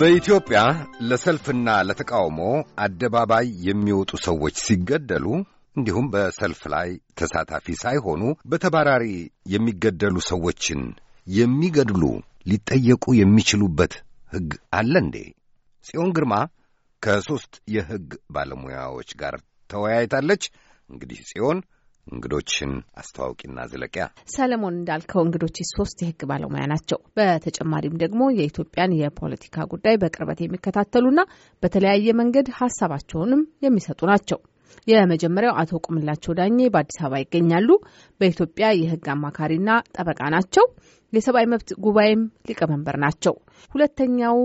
በኢትዮጵያ ለሰልፍና ለተቃውሞ አደባባይ የሚወጡ ሰዎች ሲገደሉ እንዲሁም በሰልፍ ላይ ተሳታፊ ሳይሆኑ በተባራሪ የሚገደሉ ሰዎችን የሚገድሉ ሊጠየቁ የሚችሉበት ሕግ አለ እንዴ? ጽዮን ግርማ ከሦስት የሕግ ባለሙያዎች ጋር ተወያይታለች። እንግዲህ ጽዮን እንግዶችን አስተዋውቂና ዝለቂያ። ሰለሞን እንዳልከው እንግዶች ሶስት የህግ ባለሙያ ናቸው። በተጨማሪም ደግሞ የኢትዮጵያን የፖለቲካ ጉዳይ በቅርበት የሚከታተሉና በተለያየ መንገድ ሀሳባቸውንም የሚሰጡ ናቸው። የመጀመሪያው አቶ ቁምላቸው ዳኜ በአዲስ አበባ ይገኛሉ። በኢትዮጵያ የህግ አማካሪና ጠበቃ ናቸው። የሰብአዊ መብት ጉባኤም ሊቀመንበር ናቸው። ሁለተኛው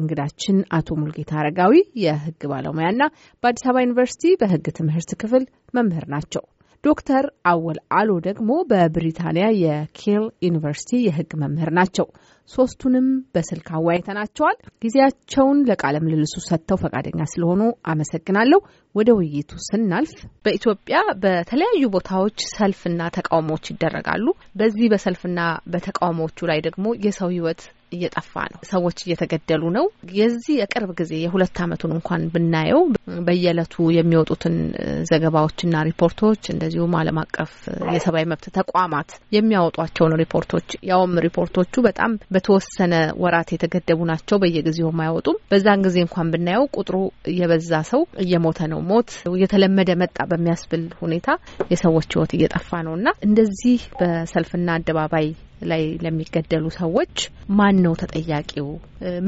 እንግዳችን አቶ ሙልጌታ አረጋዊ የህግ ባለሙያና በአዲስ አበባ ዩኒቨርሲቲ በህግ ትምህርት ክፍል መምህር ናቸው። ዶክተር አወል አሎ ደግሞ በብሪታንያ የኬል ዩኒቨርሲቲ የሕግ መምህር ናቸው። ሶስቱንም በስልክ አወያይተናቸዋል። ጊዜያቸውን ለቃለ ምልልሱ ሰጥተው ፈቃደኛ ስለሆኑ አመሰግናለሁ። ወደ ውይይቱ ስናልፍ በኢትዮጵያ በተለያዩ ቦታዎች ሰልፍና ተቃውሞዎች ይደረጋሉ። በዚህ በሰልፍና በተቃውሞዎቹ ላይ ደግሞ የሰው ሕይወት እየጠፋ ነው። ሰዎች እየተገደሉ ነው። የዚህ የቅርብ ጊዜ የሁለት አመቱን እንኳን ብናየው በየዕለቱ የሚወጡትን ዘገባዎችና ሪፖርቶች እንደዚሁም ዓለም አቀፍ የሰብአዊ መብት ተቋማት የሚያወጧቸውን ሪፖርቶች ያውም ሪፖርቶቹ በጣም በተወሰነ ወራት የተገደቡ ናቸው። በየጊዜውም አይወጡም። በዛን ጊዜ እንኳን ብናየው ቁጥሩ እየበዛ ሰው እየሞተ ነው። ሞት እየተለመደ መጣ በሚያስብል ሁኔታ የሰዎች ህይወት እየጠፋ ነው እና እንደዚህ በሰልፍና አደባባይ ላይ ለሚገደሉ ሰዎች ማን ነው ተጠያቂው?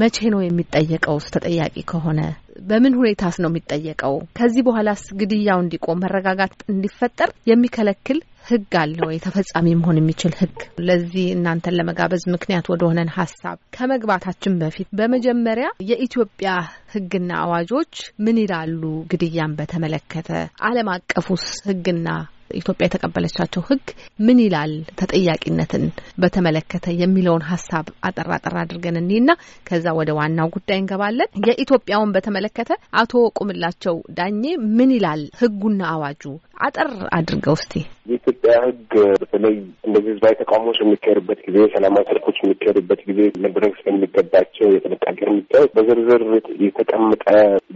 መቼ ነው የሚጠየቀውስ? ተጠያቂ ከሆነ በምን ሁኔታስ ነው የሚጠየቀው? ከዚህ በኋላስ ግድያው እንዲቆም መረጋጋት እንዲፈጠር የሚከለክል ህግ አለ ወይ? ተፈጻሚ መሆን የሚችል ህግ። ለዚህ እናንተን ለመጋበዝ ምክንያት ወደሆነን ሀሳብ ከመግባታችን በፊት በመጀመሪያ የኢትዮጵያ ህግና አዋጆች ምን ይላሉ? ግድያን በተመለከተ ዓለም አቀፉስ ህግና ኢትዮጵያ የተቀበለቻቸው ህግ ምን ይላል ተጠያቂነትን በተመለከተ የሚለውን ሀሳብ አጠር አጠር አድርገን እኒና ከዛ ወደ ዋናው ጉዳይ እንገባለን። የኢትዮጵያውን በተመለከተ አቶ ቁምላቸው ዳኜ ምን ይላል ህጉና አዋጁ አጠር አድርገው እስቲ በኢትዮጵያ ሕግ በተለይ እንደዚህ ህዝባዊ ተቃውሞዎች የሚካሄዱበት ጊዜ፣ ሰላማዊ ሰልፎች የሚካሄዱበት ጊዜ መድረግ ስለሚገባቸው የጥንቃቄ እርምጃዎች በዝርዝር የተቀመጠ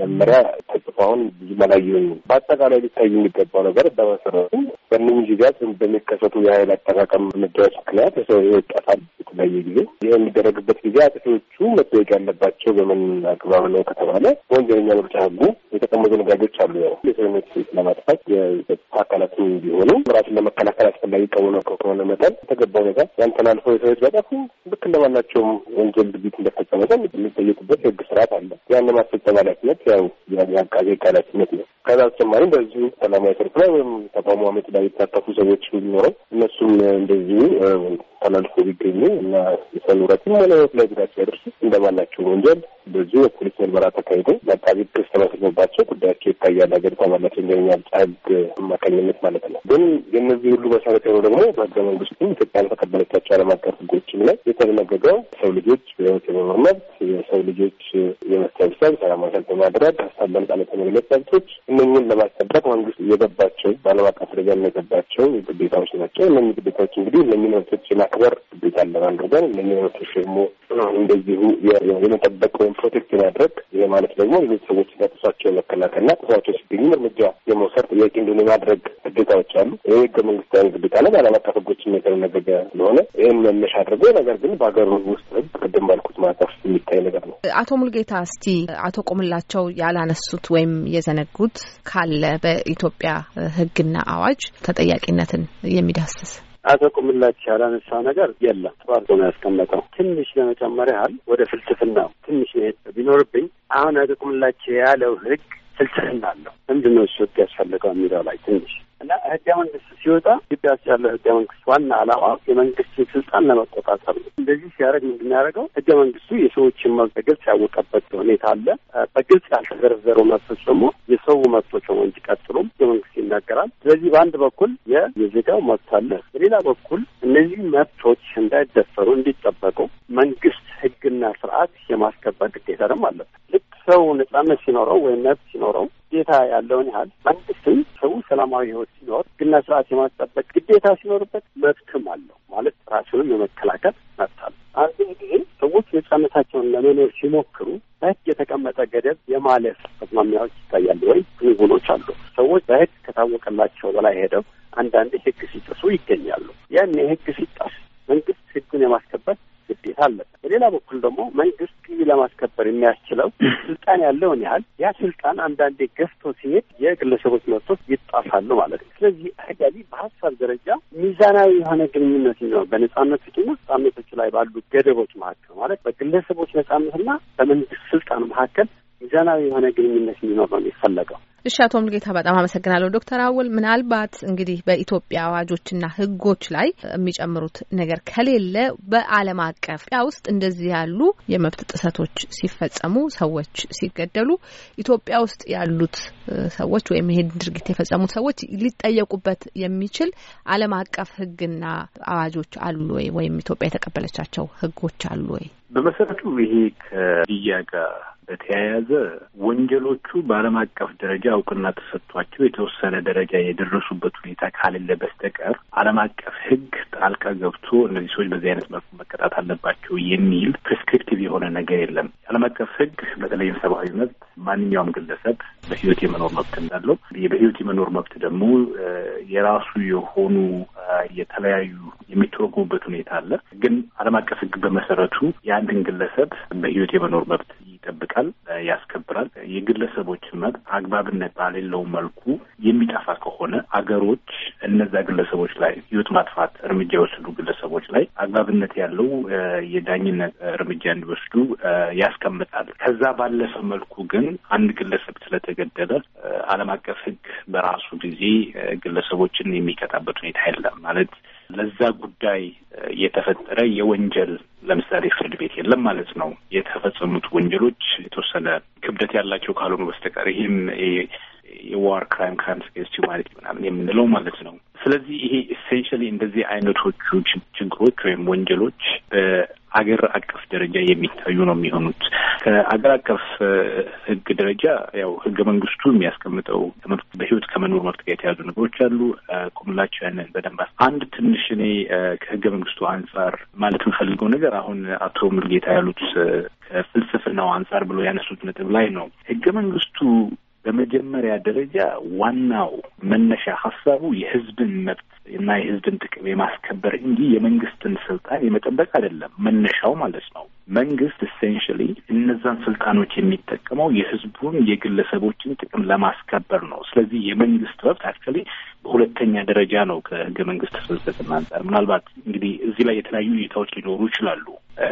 መመሪያ ተጽፋሁን ብዙ መላየኝ በአጠቃላይ ሊታይ የሚገባው ነገር በመሰረቱ በእነኝህ ጊዜያት በሚከሰቱ የሀይል አጠቃቀም እርምጃዎች ምክንያት የሰው ሕይወት ጠፋል። የተለያየ ጊዜ ይህ የሚደረግበት ጊዜ አጥፊዎቹ መጠየቅ ያለባቸው በምን አግባብ ነው ከተባለ በወንጀለኛ መቅጫ ህጉ የተቀመጡ ነጋጆች አሉ። ያው የሰውነት ለማጥፋት የጸጥታ አካላትም ቢሆኑ ራሱን ለመ መከላከል አስፈላጊ ቀውነ ከሆነ መጠን የተገባው ነገር ያን ተላልፎ የሰዎች በጣፉ ልክ እንደማናቸውም ወንጀል ድርጊት እንደፈጸመ ሰው የሚጠየቁበት የህግ ስርዓት አለ። ያን ማስፈጸም ኃላፊነት ያው የአቃቤ ህግ ኃላፊነት ነው። ከዛ በተጨማሪ በዚሁ ሰላማዊ ሰልፍ ላይ ወይም ተቃውሞ አመፅ ላይ የተሳተፉ ሰዎች ቢኖረው እነሱም እንደዚሁ ተላልፎ ቢገኙ እና የሰው ንብረትም ሆነ ህይወት ላይ ጉዳት ሲያደርሱ እንደማናቸውም ወንጀል በዚሁ የፖሊስ ምርመራ ተካሂዶ ለአቃቤ ክስ ተመስርቶባቸው ጉዳያቸው ይታያል። ሀገሪቷ ባላት ወንጀለኛ መቅጫ አማካኝነት ማለት ነው። ግን የእነዚህ ሁሉ መሰረት የሆነው ደግሞ በህገ መንግስቱ ኢትዮጵያ በተቀበለቻቸው ዓለም አቀፍ ህጎችም ላይ የተደነገገው ሰው ልጆች በሕይወት የመኖር መብት፣ የሰው ልጆች የመሰብሰብ ሰላማዊ ሰልፍ በማድረግ ሀሳብ በነጻነት የመግለጽ መብቶች እነኝን ለማስጠበቅ መንግስት የገባቸው በዓለም አቀፍ ደረጃ የገባቸው ግዴታዎች ናቸው። እነዚህ ግዴታዎች እንግዲህ እነኝን መብቶች ማክበር ግዴታ አለን አድርገን እነዚህ ደግሞ እንደዚሁ የመጠበቅ ወይም ፕሮቴክት የማድረግ ይሄ ማለት ደግሞ ሌሎች ሰዎች ጥሰዋቸው ና ጥሳቸው ሲገኙ እርምጃ የመውሰድ ጥያቄ እንደሆነ የማድረግ ግዴታዎች አሉ። ይህ ህገ መንግስታዊ ግዴታ ነው። በዓለም አቀፍ ህጎችም የተደነገገ ስለሆነ ይህን መነሻ አድርጎ ነገር ግን በሀገሩ ውስጥ ህግ ቅድም ባልኩት ማዕቀፍ የሚታይ ነገር ነው። አቶ ሙልጌታ እስቲ አቶ ቆምላቸው ያላነሱት ወይም የዘነጉት ካለ በኢትዮጵያ ህግና አዋጅ ተጠያቂነትን የሚዳስስ አቶ ቁምላች ያላነሳው ነገር የለም። ጥሩ ነው ያስቀመጠው። ትንሽ ለመጨመር ያህል ወደ ፍልስፍናው ትንሽ ቢኖርብኝ አሁን አቶ ቁምላች ያለው ህግ ፍልስፍና አለው። ምንድን ነው እሱ ህግ ያስፈልገው የሚለው ላይ ትንሽ እና ህገ መንግስት ሲወጣ ኢትዮጵያ ውስጥ ያለው ህገ መንግስት ዋና አላማ የመንግስትን ስልጣን ለመቆጣጠር ነው። እንደዚህ ሲያደርግ ምንድን ያደረገው ህገ መንግስቱ የሰዎችን መብት በግልጽ ያወቀበት ሁኔታ አለ። በግልጽ ያልተዘረዘሩ መብቶች ደግሞ የሰው መብቶች ሆነው እንዲቀጥሉም ህገ መንግስት ይናገራል። ስለዚህ በአንድ በኩል የዜጋው መብት አለ፣ በሌላ በኩል እነዚህ መብቶች እንዳይደፈሩ እንዲጠበቁ መንግስት ህግና ስርዓት የማስከበር ግዴታ ደግሞ አለበት። ሰው ነጻነት ሲኖረው ወይም መብት ሲኖረው ግዴታ ያለውን ያህል መንግስትም ሰው ሰላማዊ ህይወት ሲኖር ህግና ስርዓት የማስጠበቅ ግዴታ ሲኖርበት መብትም አለው ማለት ራሱንም የመከላከል መብት አለ። አንድም ጊዜ ሰዎች ነጻነታቸውን ለመኖር ሲሞክሩ በህግ የተቀመጠ ገደብ የማለፍ አዝማሚያዎች ይታያሉ ወይ ክንውኖች አሉ። ሰዎች በህግ ከታወቀላቸው በላይ ሄደው አንዳንዴ ህግ ሲጥሱ ይገኛሉ። ያን ህግ ሲጣስ መንግስት ህጉን የማስከበር ግዴታ አለበት። በሌላ በኩል ደግሞ መንግስት ለማስከበር የሚያስችለው ስልጣን ያለውን ያህል ያ ስልጣን አንዳንዴ ገፍቶ ሲሄድ የግለሰቦች መብቶች ይጣሳሉ ማለት ነው። ስለዚህ አጋቢ በሀሳብ ደረጃ ሚዛናዊ የሆነ ግንኙነት ነው በነጻነት በነጻነቶችና ነጻነቶች ላይ ባሉ ገደቦች መካከል ማለት በግለሰቦች ነጻነትና በመንግስት ስልጣን መካከል ሚዛናዊ የሆነ ግንኙነት እንዲኖር ነው የሚፈለገው። እሺ አቶ ሙልጌታ በጣም አመሰግናለሁ። ዶክተር አወል ምናልባት እንግዲህ በኢትዮጵያ አዋጆችና ህጎች ላይ የሚጨምሩት ነገር ከሌለ በዓለም አቀፍ ውስጥ እንደዚህ ያሉ የመብት ጥሰቶች ሲፈጸሙ፣ ሰዎች ሲገደሉ ኢትዮጵያ ውስጥ ያሉት ሰዎች ወይም ይሄን ድርጊት የፈጸሙት ሰዎች ሊጠየቁበት የሚችል ዓለም አቀፍ ህግና አዋጆች አሉ ወይ ወይም ኢትዮጵያ የተቀበለቻቸው ህጎች አሉ ወይ? በመሰረቱ ይሄ ከግድያ ጋር በተያያዘ ወንጀሎቹ በዓለም አቀፍ ደረጃ እውቅና ተሰጥቷቸው የተወሰነ ደረጃ የደረሱበት ሁኔታ ካሌለ በስተቀር ዓለም አቀፍ ሕግ ጣልቃ ገብቶ እነዚህ ሰዎች በዚህ አይነት መልኩ መቀጣት አለባቸው የሚል ፕሪስክሪፕቲቭ የሆነ ነገር የለም። የዓለም አቀፍ ሕግ በተለይም ሰብአዊ መብት ማንኛውም ግለሰብ በሕይወት የመኖር መብት እንዳለው በሕይወት የመኖር መብት ደግሞ የራሱ የሆኑ የተለያዩ የሚተረጉሙበት ሁኔታ አለ። ግን ዓለም አቀፍ ሕግ በመሰረቱ የአንድን ግለሰብ በሕይወት የመኖር መብት ይጠብቃል። ይጠብቃል፣ ያስከብራል። የግለሰቦችን መብት አግባብነት ባሌለው መልኩ የሚጠፋ ከሆነ አገሮች እነዛ ግለሰቦች ላይ ህይወት ማጥፋት እርምጃ የወሰዱ ግለሰቦች ላይ አግባብነት ያለው የዳኝነት እርምጃ እንዲወስዱ ያስቀምጣል። ከዛ ባለፈ መልኩ ግን አንድ ግለሰብ ስለተገደለ ዓለም አቀፍ ህግ በራሱ ጊዜ ግለሰቦችን የሚቀጣበት ሁኔታ የለም ማለት ለዛ ጉዳይ የተፈጠረ የወንጀል ለምሳሌ ፍርድ ቤት የለም ማለት ነው። የተፈጸሙት ወንጀሎች የተወሰነ ክብደት ያላቸው ካልሆኑ በስተቀር ይህም የዋር ክራይም ክራይምስ አጌንስት ሂውማኒቲ ምናምን የምንለው ማለት ነው። ስለዚህ ይሄ ኤሴንሽሊ እንደዚህ አይነቶቹ ችግሮች ወይም ወንጀሎች በአገር አቀፍ ደረጃ የሚታዩ ነው የሚሆኑት። ከአገር አቀፍ ህግ ደረጃ ያው ህገ መንግስቱ የሚያስቀምጠው ትምህርት በህይወት ከመኖር መብት ጋር የተያዙ ነገሮች አሉ። ቁምላቸው ያንን በደንብ አንድ ትንሽ እኔ ከህገ መንግስቱ አንጻር ማለት የምፈልገው ነገር አሁን አቶ ሙልጌታ ያሉት ከፍልስፍናው አንጻር ብሎ ያነሱት ነጥብ ላይ ነው። ህገ መንግስቱ በመጀመሪያ ደረጃ ዋናው መነሻ ሀሳቡ የህዝብን መብት እና የህዝብን ጥቅም የማስከበር እንጂ የመንግስትን ስልጣን የመጠበቅ አይደለም መነሻው ማለት ነው። መንግስት ኢሴንሽሊ እነዛን ስልጣኖች የሚጠቀመው የህዝቡን የግለሰቦችን ጥቅም ለማስከበር ነው። ስለዚህ የመንግስት መብት አክቹዋሊ በሁለተኛ ደረጃ ነው ከህገ መንግስት ፍልስፍና አንጻር። ምናልባት እንግዲህ እዚህ ላይ የተለያዩ እይታዎች ሊኖሩ ይችላሉ።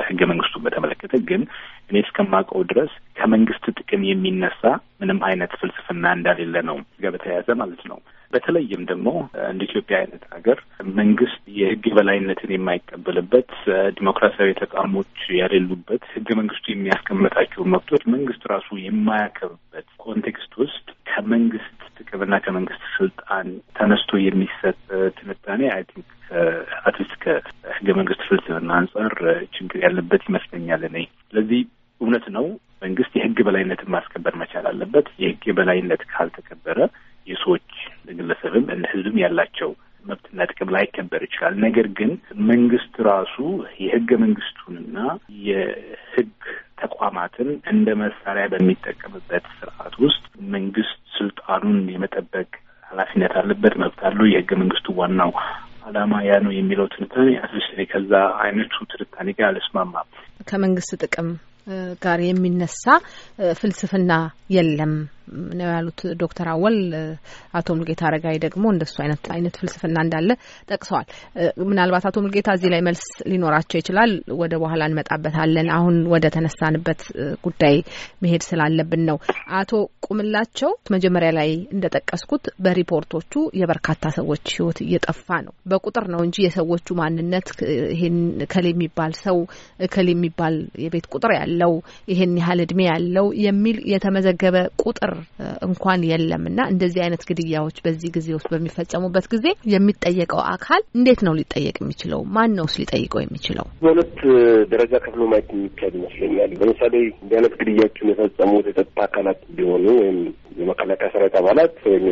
ህገ መንግስቱን በተመለከተ ግን እኔ እስከማውቀው ድረስ ከመንግስት ጥቅም የሚነሳ ምንም አይነት ፍልስፍና እንዳሌለ ነው ጋር በተያያዘ ማለት ነው። በተለይም ደግሞ እንደ ኢትዮጵያ አይነት ሀገር መንግስት የህግ የበላይነትን የማይቀበልበት ዲሞክራሲያዊ ተቋሞች ያሌሉበት ህገ መንግስቱ የሚያስቀምጣቸው መብቶች መንግስት ራሱ የማያከብበት ኮንቴክስት ውስጥ ከመንግስት ጥቅምና ከመንግስት ስልጣን ተነስቶ የሚሰጥ ትንታኔ አይ ቲንክ አትሊስት ከህገ መንግስት ፍልስፍና አንጻር ችግር ያለበት ይመስለኛል እኔ ስለዚህ እውነት ነው መንግስት የህግ በላይነትን ማስከበር መቻል አለበት የህግ የበላይነት ካልተከበረ እንደ ህዝብም ያላቸው መብትና ጥቅም ላይከበር ይችላል። ነገር ግን መንግስት ራሱ የህገ መንግስቱንና የህግ ተቋማትን እንደ መሳሪያ በሚጠቀምበት ስርዓት ውስጥ መንግስት ስልጣኑን የመጠበቅ ኃላፊነት አለበት፣ መብት አለው። የህገ መንግስቱ ዋናው አላማ ያ ነው የሚለው ትንታኔ አትሊስት ከዛ አይነቱ ትንታኔ ጋር አልስማማም። ከመንግስት ጥቅም ጋር የሚነሳ ፍልስፍና የለም ነው ያሉት ዶክተር አወል። አቶ ሙልጌታ አረጋይ ደግሞ እንደሱ አይነት አይነት ፍልስፍና እንዳለ ጠቅሰዋል። ምናልባት አቶ ሙልጌታ እዚህ ላይ መልስ ሊኖራቸው ይችላል። ወደ በኋላ እንመጣበታለን። አሁን ወደ ተነሳንበት ጉዳይ መሄድ ስላለብን ነው። አቶ ቁምላቸው መጀመሪያ ላይ እንደጠቀስኩት በሪፖርቶቹ የበርካታ ሰዎች ህይወት እየጠፋ ነው። በቁጥር ነው እንጂ የሰዎቹ ማንነት ይሄን እከሌ የሚባል ሰው እከሌ የሚባል የቤት ቁጥር ያለው ይሄን ያህል እድሜ ያለው የሚል የተመዘገበ ቁጥር ነገር እንኳን የለም እና እንደዚህ አይነት ግድያዎች በዚህ ጊዜ ውስጥ በሚፈጸሙበት ጊዜ የሚጠየቀው አካል እንዴት ነው ሊጠየቅ የሚችለው? ማን ነውስ ሊጠይቀው የሚችለው? በሁለት ደረጃ ከፍሎ ማየት የሚቻል ይመስለኛል። ለምሳሌ እንዲህ አይነት ግድያዎችን የፈጸሙት የጸጥታ አካላት እንዲሆኑ ወይም የመከላከያ ሰራዊት አባላት ወይም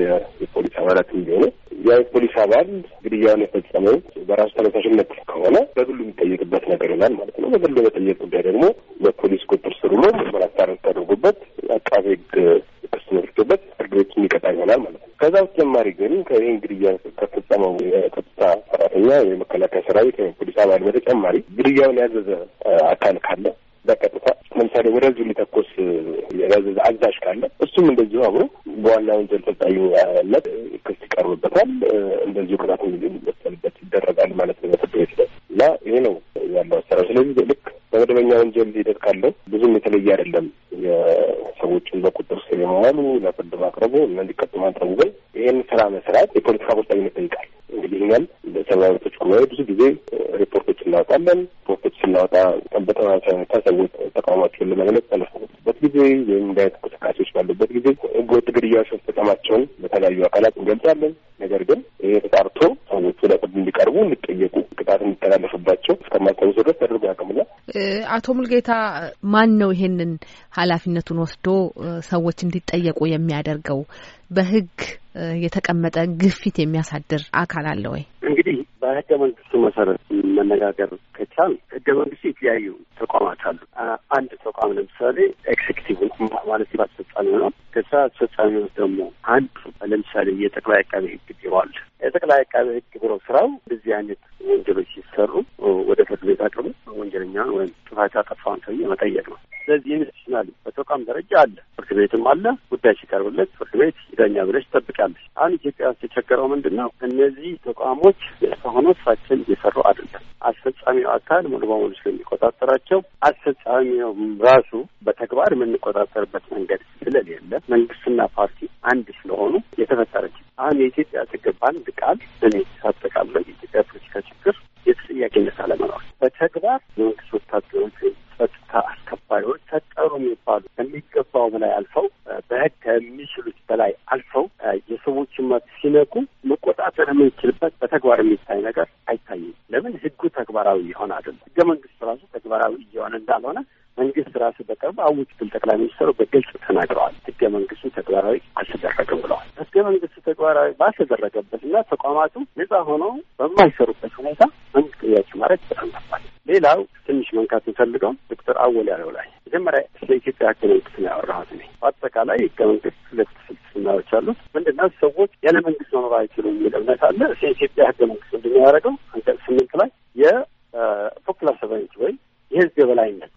የፖሊስ አባላት እንዲሆኑ ያ የፖሊስ አባል ግድያውን የፈጸመው በራሱ ተነሳሽነት ከሆነ በግሉ የሚጠየቅበት ነገር ይላል ማለት ነው። በግሉ የመጠየቅ ጉዳይ ደግሞ በፖሊስ ቁጥር ስር ውሎ ምርመራ ተደርጎበት አቃቤ ሕግ ጥርስ ተመልክቶበት ፍርድ ቤት የሚቀጣ ይሆናል ማለት ነው። ከዛ በተጨማሪ ግን ከዚህ ግድያ ከተፈጸመው የጸጥታ ሰራተኛ የመከላከያ ሰራዊት ወይም ፖሊስ አባል በተጨማሪ ግድያውን ያዘዘ አካል ካለ በቀጥታ ለምሳሌ ወደ ሊተኮስ ያዘዘ አዛዥ ካለ እሱም እንደዚሁ አብሮ በዋና ወንጀል ተጠያቂነት ክስ ይቀርብበታል። እንደዚሁ ቅጣት የሚመሰልበት ይደረጋል ማለት ነው ፍርድ ቤት ላይ እና ይሄ ነው ያለው አሰራር። ስለዚህ ልክ በመደበኛ ወንጀል ሂደት ካለው ብዙም የተለየ አይደለም። የሰዎችን በቁጥር ስር የመዋሉ ለፍርድ ማቅረቡ እና እንዲቀጡ ማድረጉ ግን ይህን ስራ መስራት የፖለቲካ ቁርጠኝነት ይጠይቃል። እንግዲህ እኛም በሰብአዊ መብቶች ጉባኤ ብዙ ጊዜ ሪፖርቶች እናወጣለን። ሪፖርቶች ስናወጣ በተመሳሳይ ሁኔታ ሰዎች ተቃውሟቸውን ለመግለጽ ተለበት ጊዜ ወይም እንዳይነት እንቅስቃሴዎች ባሉበት ጊዜ ህገወጥ ግድያዎች መፈጸማቸውን በተለያዩ አካላት እንገልጻለን። ነገር ግን ይሄ ተጣርቶ ሰዎቹ ለፍርድ እንዲቀርቡ፣ እንዲጠየቁ፣ ቅጣት እንዲተላለፍባቸው እስከማልታወስ ድረስ ተደርጎ ያቅምና አቶ ሙልጌታ ማን ነው ይሄንን ኃላፊነቱን ወስዶ ሰዎች እንዲጠየቁ የሚያደርገው? በህግ የተቀመጠ ግፊት የሚያሳድር አካል አለ ወይ? እንግዲህ በህገ መንግስቱ መሰረት መነጋገር ከቻል ህገ መንግስቱ የተለያዩ ተቋማት አሉ። አንድ ተቋም ለምሳሌ ኤክሴኪቲቭ ማለት አስፈጻሚ ሆኗል። ከዛ አስፈጻሚዎች ደግሞ አንዱ ለምሳሌ የጠቅላይ አቃቤ ህግ ቢሮ አለ። የጠቅላይ አቃቤ ህግ ቢሮ ስራው እንደዚህ አይነት ወንጀሎች ሲሰሩ ወደ ፍርድ ቤት አቅርቡ ወንጀለኛ ወይም ጥፋት ያጠፋውን ሰውዬ መጠየቅ ነው። ስለዚህ ኢንስቲቱሽናል በተቋም ደረጃ አለ፣ ፍርድ ቤትም አለ። ጉዳይ ሲቀርብለት ፍርድ ቤት ይዳኛ ብለች ጠብቃለች። አሁን ኢትዮጵያ ውስጥ የቸገረው ምንድን ነው? እነዚህ ተቋሞች ሆኖ ስራችን እየሰሩ አይደለም። አስፈጻሚው አካል ሙሉ በሙሉ ስለሚቆጣጠራቸው አስፈጻሚውም ራሱ በተግባር የምንቆጣጠርበት መንገድ ስለሌለ መንግስትና ፓርቲ አንድ ስለሆኑ የተፈጠረች አሁን የኢትዮጵያ ችግር በአንድ ቃል እኔ ሳጠቃለን ምክትል ጠቅላይ ሚኒስትሩ በግልጽ ተናግረዋል። ህገ መንግስቱ ተግባራዊ አልተደረገም ብለዋል። ህገ መንግስቱ ተግባራዊ ባልተደረገበትና ተቋማቱ ነጻ ሆኖ በማይሰሩበት ሁኔታ አንድ ጥያቄ ማለት በጣም ተባል። ሌላው ትንሽ መንካት የምፈልገው ዶክተር አወል ያለው ላይ መጀመሪያ ስለ ኢትዮጵያ ህገ መንግስት ነው ያወራሁት እኔ። በአጠቃላይ ህገ መንግስት ሁለት ፍልስፍናዎች አሉት። ምንድነው ሰዎች ያለ መንግስት መኖር አይችሉ የሚል እምነት አለ። ስለ ኢትዮጵያ ህገ መንግስት ምንድነው አንቀጽ ስምንት ላይ የፖፕላር ሰቨረንቲ ወይም የህዝብ የበላይነት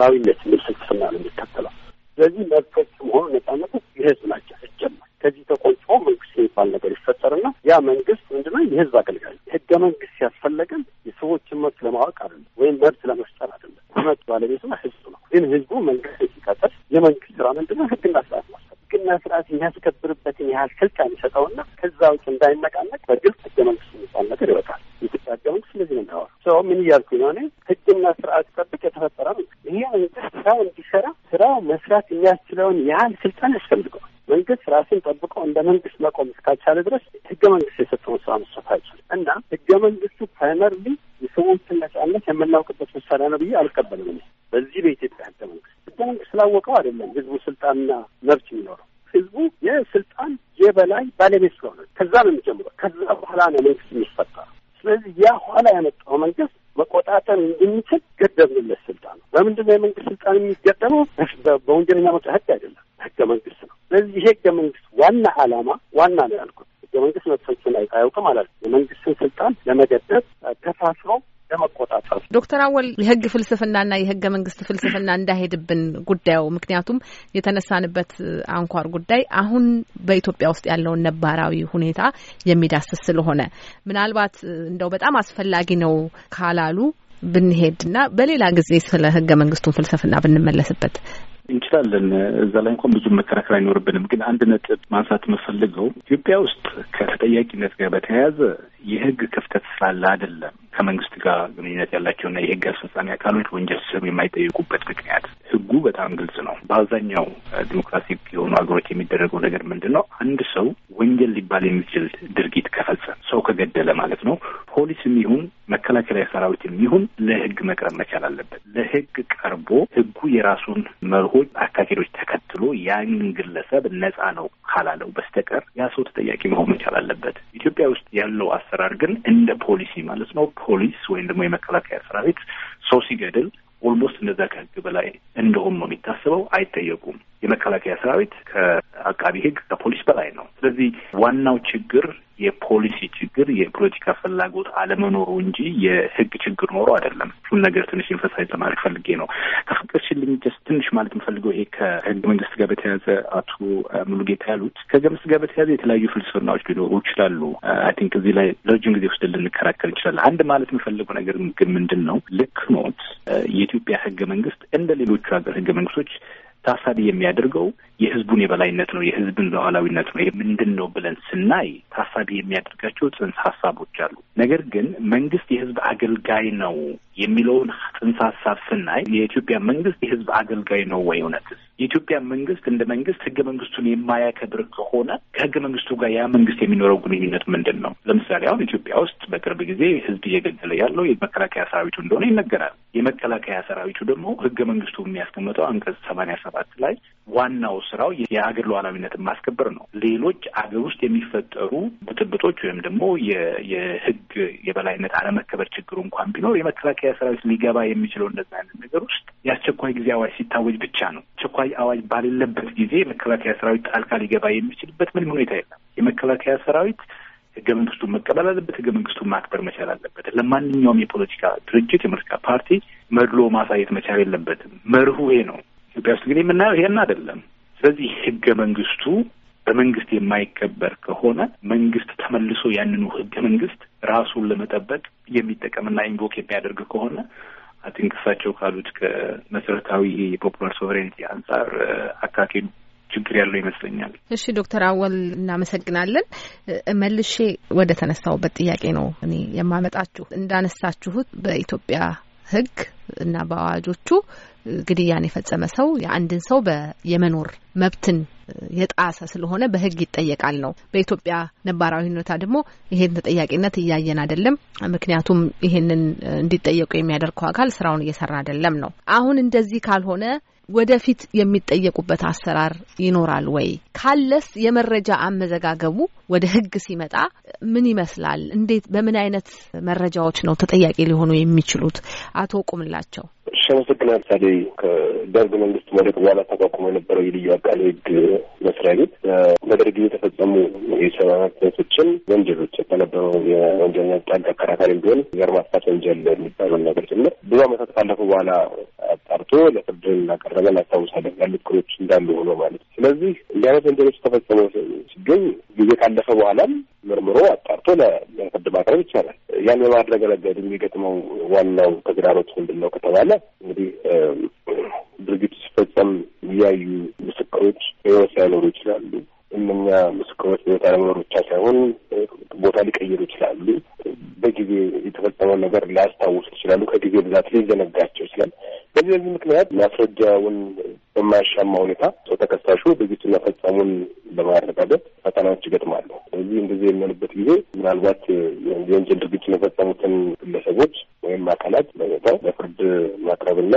ሉዓላዊነት የሚል ፍልስፍና ነው የሚከተለው። ስለዚህ መብቶች መሆኑ ነጻነቶች የህዝብ ናቸው። ይጀመር ከዚህ ተቆንጮ መንግስት የሚባል ነገር ይፈጠርና ያ መንግስት ምንድነው? የህዝብ አገልጋይ። ህገ መንግስት ሲያስፈለገን የሰዎችን መብት ለማወቅ አይደለም፣ ወይም መብት ለመስጠር አይደለም። መብት ባለቤቱና ህዝብ ነው። ግን ህዝቡ መንግስት ሲቀጥል የመንግስት ስራ ምንድነው? ህግና ስርዓት ማስከ ህግና ስርዓት የሚያስከብርበትን ያህል ስልጣን ይሰጠውና ከዛ ውጭ እንዳይነቃነቅ በግልጽ ህገ መንግስት የሚባል ነገር ይወጣል። የኢትዮጵያ ህገ መንግስት ስለዚህ ነው የሚያወራው። ሰው ምን እያልኩ ነው እኔ ህግና ስርዓት ጠብቅ የተፈጠረ ነው እኛ መንግስት ስራው እንዲሰራ ስራው መስራት የሚያስችለውን ያህል ስልጣን ያስፈልገዋል። መንግስት ራሱን ጠብቆ እንደ መንግስት መቆም እስካልቻለ ድረስ ህገ መንግስት የሰጠውን ስራ መስራት አይችልም እና ህገ መንግስቱ ፕራይመርሊ የሰዎችን ነጻነት የምናውቅበት መሳሪያ ነው ብዬ አልቀበልም። በዚህ በኢትዮጵያ ህገ መንግስት ህገ መንግስት ስላወቀው አይደለም ህዝቡ ስልጣንና መብት የሚኖረው ህዝቡ የስልጣን የበላይ ባለቤት ስለሆነ ከዛ ነው የሚጀምረው። ከዛ በኋላ ነው መንግስት የሚፈጠረው። ስለዚህ ያ ኋላ ያመጣው መንግስት መቆጣጠር እንድንችል ገደብንለት። በምንድን ነው የመንግስት ስልጣን የሚገጠመው? በወንጀለኛ መቅጫ ህግ አይደለም፣ ህገ መንግስት ነው። ስለዚህ ይሄ ህገ መንግስት ዋና አላማ ዋና ነው ያልኩት ህገ መንግስት ላይ አያውቅም ማለት የመንግስትን ስልጣን ለመገደብ ተሳስሮ ለመቆጣጠር ዶክተር አወል የህግ ፍልስፍናና የህገ መንግስት ፍልስፍና እንዳይሄድብን ጉዳዩ ምክንያቱም የተነሳንበት አንኳር ጉዳይ አሁን በኢትዮጵያ ውስጥ ያለውን ነባራዊ ሁኔታ የሚዳስስ ስለሆነ ምናልባት እንደው በጣም አስፈላጊ ነው ካላሉ ብንሄድና በሌላ ጊዜ ስለ ህገ መንግስቱን ፍልስፍና ብንመለስበት እንችላለን። እዛ ላይ እንኳን ብዙ መከራከር አይኖርብንም። ግን አንድ ነጥብ ማንሳት የምፈልገው ኢትዮጵያ ውስጥ ከተጠያቂነት ጋር በተያያዘ የህግ ክፍተት ስላለ አይደለም ከመንግስት ጋር ግንኙነት ያላቸውና የህግ አስፈጻሚ አካሎች ወንጀል ስር የማይጠይቁበት ምክንያት ህጉ በጣም ግልጽ ነው። በአብዛኛው ዲሞክራሲ የሆኑ ሀገሮች የሚደረገው ነገር ምንድን ነው? አንድ ሰው ወንጀል ሊባል የሚችል ድርጊት ከፈጸመ ሰው ከገደለ ማለት ነው፣ ፖሊስም ይሁን መከላከያ ሰራዊትም ይሁን ለህግ መቅረብ መቻል አለበት። ለህግ ቀርቦ ህጉ የራሱን መርሆች፣ አካሄዶች ተከትሎ ያንን ግለሰብ ነጻ ነው ካላለው በስተቀር ያ ሰው ተጠያቂ መሆን መቻል አለበት። ኢትዮጵያ ውስጥ ያለው አሰራር ግን እንደ ፖሊሲ ማለት ነው ፖሊስ ወይም ደግሞ የመከላከያ ሰራዊት ሰው ሲገድል ኦልሞስት እንደዛ ከህግ በላይ እንደሆኑ ነው የሚታስበው። አይጠየቁም። የመከላከያ ሰራዊት ከአቃቢ ህግ ከፖሊስ በላይ ነው። ስለዚህ ዋናው ችግር የፖሊሲ ችግር የፖለቲካ ፍላጎት አለመኖሩ እንጂ የህግ ችግር ኖሮ አይደለም። ሁሉ ነገር ትንሽ ኢንፈሳይዝ ለማድረግ ፈልጌ ነው። ከፈቀድሽልኝ ጀስት ትንሽ ማለት የምፈልገው ይሄ ከህገ መንግስት ጋር በተያያዘ አቶ ሙሉጌታ ያሉት ከህገ መንግስት ጋር በተያያዘ የተለያዩ ፍልስፍናዎች ሊኖሩ ይችላሉ። አይ ቲንክ እዚህ ላይ ለረጅም ጊዜ ውስጥ ልንከራከር እንችላለን። አንድ ማለት የምፈልገው ነገር ግን ምንድን ነው ልክ ኖት የኢትዮጵያ ህገ መንግስት እንደ ሌሎቹ ሀገር ህገ መንግስቶች ታሳቢ የሚያደርገው የህዝቡን የበላይነት ነው፣ የህዝብን ሉዓላዊነት ነው። ይህ ምንድን ነው ብለን ስናይ ታሳቢ የሚያደርጋቸው ጽንሰ ሀሳቦች አሉ። ነገር ግን መንግስት የህዝብ አገልጋይ ነው የሚለውን ጽንሰ ሀሳብ ስናይ የኢትዮጵያ መንግስት የህዝብ አገልጋይ ነው ወይ? እውነትስ የኢትዮጵያ መንግስት እንደ መንግስት ህገ መንግስቱን የማያከብር ከሆነ ከህገ መንግስቱ ጋር ያ መንግስት የሚኖረው ግንኙነት ምንድን ነው? ለምሳሌ አሁን ኢትዮጵያ ውስጥ በቅርብ ጊዜ ህዝብ እየገደለ ያለው የመከላከያ ሰራዊቱ እንደሆነ ይነገራል። የመከላከያ ሰራዊቱ ደግሞ ህገ መንግስቱ የሚያስቀምጠው አንቀጽ ሰማንያ ሰባት ላይ ዋናው ስራው የሀገር ሉዓላዊነትን ማስከበር ነው። ሌሎች አገር ውስጥ የሚፈጠሩ ብጥብጦች ወይም ደግሞ የህግ የበላይነት አለመከበር ችግሩ እንኳን ቢኖር የመከላከያ ሰራዊት ሊገባ የሚችለው እንደዚ አይነት ነገር ውስጥ የአስቸኳይ ጊዜ አዋጅ ሲታወጅ ብቻ ነው። አስቸኳይ አዋጅ ባሌለበት ጊዜ የመከላከያ ሰራዊት ጣልቃ ሊገባ የሚችልበት ምንም ሁኔታ የለም። የመከላከያ ሰራዊት ህገ መንግስቱን መቀበል አለበት። ህገ መንግስቱን ማክበር መቻል አለበት። ለማንኛውም የፖለቲካ ድርጅት የፖለቲካ ፓርቲ መድሎ ማሳየት መቻል የለበትም። መርሁ ይሄ ነው። ኢትዮጵያ ውስጥ ግን የምናየው ይሄን አይደለም። ስለዚህ ህገ መንግስቱ በመንግስት የማይከበር ከሆነ መንግስት ተመልሶ ያንኑ ህገ መንግስት ራሱን ለመጠበቅ የሚጠቀምና ኢንቮክ የሚያደርግ ከሆነ አቲንክ እሳቸው ካሉት ከመሰረታዊ የፖፑላር ሶቨሬኒቲ አንጻር አካኪዱ ችግር ያለው ይመስለኛል። እሺ ዶክተር አወል እናመሰግናለን። መልሼ ወደ ተነሳውበት ጥያቄ ነው እኔ የማመጣችሁ እንዳነሳችሁት በኢትዮጵያ ህግ እና በአዋጆቹ ግድያን የፈጸመ ሰው የአንድን ሰው የመኖር መብትን የጣሰ ስለሆነ በህግ ይጠየቃል ነው። በኢትዮጵያ ነባራዊ ሁኔታ ደግሞ ይሄን ተጠያቂነት እያየን አይደለም። ምክንያቱም ይሄንን እንዲጠየቁ የሚያደርገው አካል ስራውን እየሰራ አይደለም ነው። አሁን እንደዚህ ካልሆነ ወደፊት የሚጠየቁበት አሰራር ይኖራል ወይ? ካለስ የመረጃ አመዘጋገቡ ወደ ህግ ሲመጣ ምን ይመስላል? እንዴት፣ በምን አይነት መረጃዎች ነው ተጠያቂ ሊሆኑ የሚችሉት? አቶ ቁምላቸው እሺ፣ አመሰግናለሁ። ለምሳሌ ከደርግ መንግስት መውደቅ በኋላ ተቋቁሞ የነበረው የልዩ አቃቤ ሕግ መስሪያ ቤት በደርግ ጊዜ የተፈጸሙ የሰብአዊ መብት ጥሰቶችን፣ ወንጀሎችን በነበረው የወንጀለኛ ጣል ተከራካሪ ቢሆን ዘር ማጥፋት ወንጀል የሚባለውን ነገር ጭምር ብዙ አመታት ካለፉ በኋላ አጣርቶ ለፍርድ እናቀረበ እናስታውሳለን። ያሉት ክሮች እንዳሉ ሆኖ ማለት ነው። ስለዚህ እንዲህ አይነት ወንጀሎች ተፈጽመው ሲገኝ ጊዜ ካለፈ በኋላም ምርምሮ አጣርቶ ለፍርድ ማቅረብ ይቻላል። ያን በማድረግ ረገድ የሚገጥመው ዋናው ተግዳሮት ምንድን ነው ከተባለ እንግዲህ ድርጊቱ ሲፈጸም እያዩ ምስክሮች ህይወት ላይኖሩ ይችላሉ። እነኛ ምስክሮች ህይወት ለመኖር ብቻ ሳይሆን ቦታ ሊቀይሩ ይችላሉ። በጊዜ የተፈጸመው ነገር ሊያስታውሱ ይችላሉ። ከጊዜ ብዛት ሊዘነጋቸው ይችላል። በዚህ በዚህ ምክንያት ማስረጃውን በማያሻማ ሁኔታ ሰው ተከሳሹ ድርጊቱን መፈጸሙን በማረጋገጥ ፈተናዎች ይገጥማሉ። እንደዚህ እንደዚህ የሚሆንበት ጊዜ ምናልባት የወንጀል ድርጊት የፈጸሙትን ግለሰቦች ወይም አካላት በገታ ለፍርድ ማቅረብና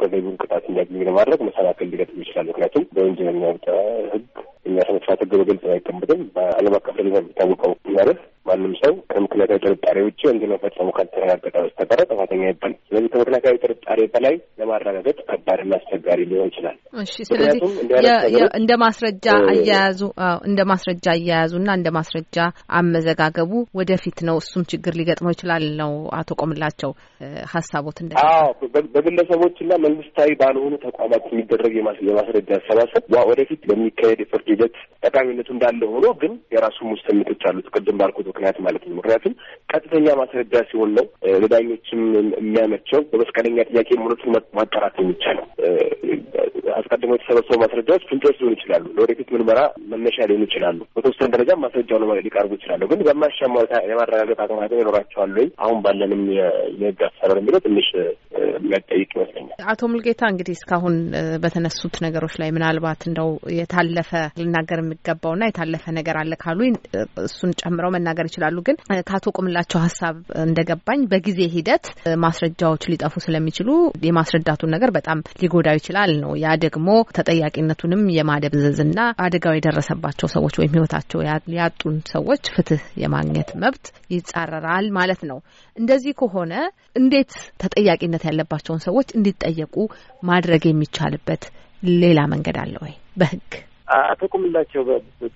ከገቢውን ቅጣት እንዲያገኝ ለማድረግ መሰናክል ሊገጥም ይችላል። ምክንያቱም በወንጀለኛ መቅጫ ሕግ እኛ ስነ ስርዓት ሕግ በግልጽ አይቀምጥም። በዓለም አቀፍ ደረጃ የሚታወቀው ማለት ማንም ሰው ከምክንያታዊ ጥርጣሬ ውጭ ወንጀል መፈጸሙ ካልተረጋገጠ በስተቀር ጥፋተኛ ይባል። ስለዚህ ከምክንያታዊ ጥርጣሬ በላይ ለማረጋገጥ ከባድና አስቸጋሪ ሊሆን ይችላል። እሺ፣ ስለዚህ እንደ ማስረጃ አያያዙ እንደ ማስረጃ አያያዙና እንደ ማስረጃ አመዘጋገቡ ወደፊት ነው። እሱም ችግር ሊገጥመው ይችላል ነው አቶ ቆምላቸው ሀሳቦት እንደ በግለሰቦችና መንግስታዊ ባልሆኑ ተቋማት የሚደረግ የማስረጃ አሰባሰብ ወደፊት በሚካሄድ የፍርድ ሂደት ጠቃሚነቱ እንዳለ ሆኖ ግን የራሱ ውስጥ አሉት። ቅድም ባልኩት ምክንያት ማለት ነው። ምክንያቱም ቀጥተኛ ማስረጃ ሲሆን ነው ለዳኞችም የሚያመቸው በመስቀለኛ ጥያቄ መሆኑን ማጣራት የሚቻለው። አስቀድሞ የተሰበሰቡ ማስረጃዎች ፍንጮች ሊሆኑ ይችላሉ፣ ለወደፊት ምርመራ መነሻ ሊሆኑ ይችላሉ። በተወሰነ ደረጃ ማስረጃ ሆነ ሊቀርቡ ይችላሉ። ግን በማሻማ የማረጋገጥ አቅም ይኖራቸዋል ወይ አሁን ባለንም የህግ አሰራር የሚለው ትንሽ የሚያጠይቅ ይመስለኛል። አቶ ሙልጌታ እንግዲህ እስካሁን በተነሱት ነገሮች ላይ ምናልባት እንደው የታለፈ ልናገር የሚገባውና የታለፈ ነገር አለ ካሉ እሱን ጨምረው መናገር ይችላሉ። ግን ከአቶ ቁምላቸው ሀሳብ እንደገባኝ በጊዜ ሂደት ማስረጃዎች ሊጠፉ ስለሚችሉ የማስረዳቱን ነገር በጣም ሊጎዳው ይችላል ነው ያደ ደግሞ ተጠያቂነቱንም የማደብዘዝና አደጋው የደረሰባቸው ሰዎች ወይም ህይወታቸው ያጡን ሰዎች ፍትህ የማግኘት መብት ይጻረራል ማለት ነው። እንደዚህ ከሆነ እንዴት ተጠያቂነት ያለባቸውን ሰዎች እንዲጠየቁ ማድረግ የሚቻልበት ሌላ መንገድ አለ ወይ? በህግ አቶ ቁምላቸው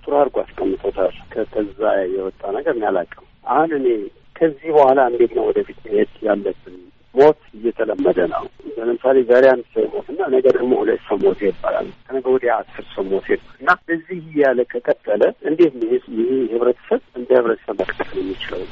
ጥሩ አድርጎ አስቀምጦታል። ከዛ የወጣ ነገር አላውቅም። አሁን እኔ ከዚህ በኋላ እንዴት ነው ወደፊት መሄድ ያለብን ሞት እየተለመደ ነው። ለምሳሌ ዛሬ አንድ ሰው ሞት እና ነገ ደግሞ ሁለት ሰው ሞት ይባላል። ከነገ ወዲያ አስር ሰው ሞት ይባላል እና እዚህ እያለ ከቀጠለ እንዴት ነው ይህ ህብረተሰብ እንደ ህብረተሰብ መቀጠል የሚችለው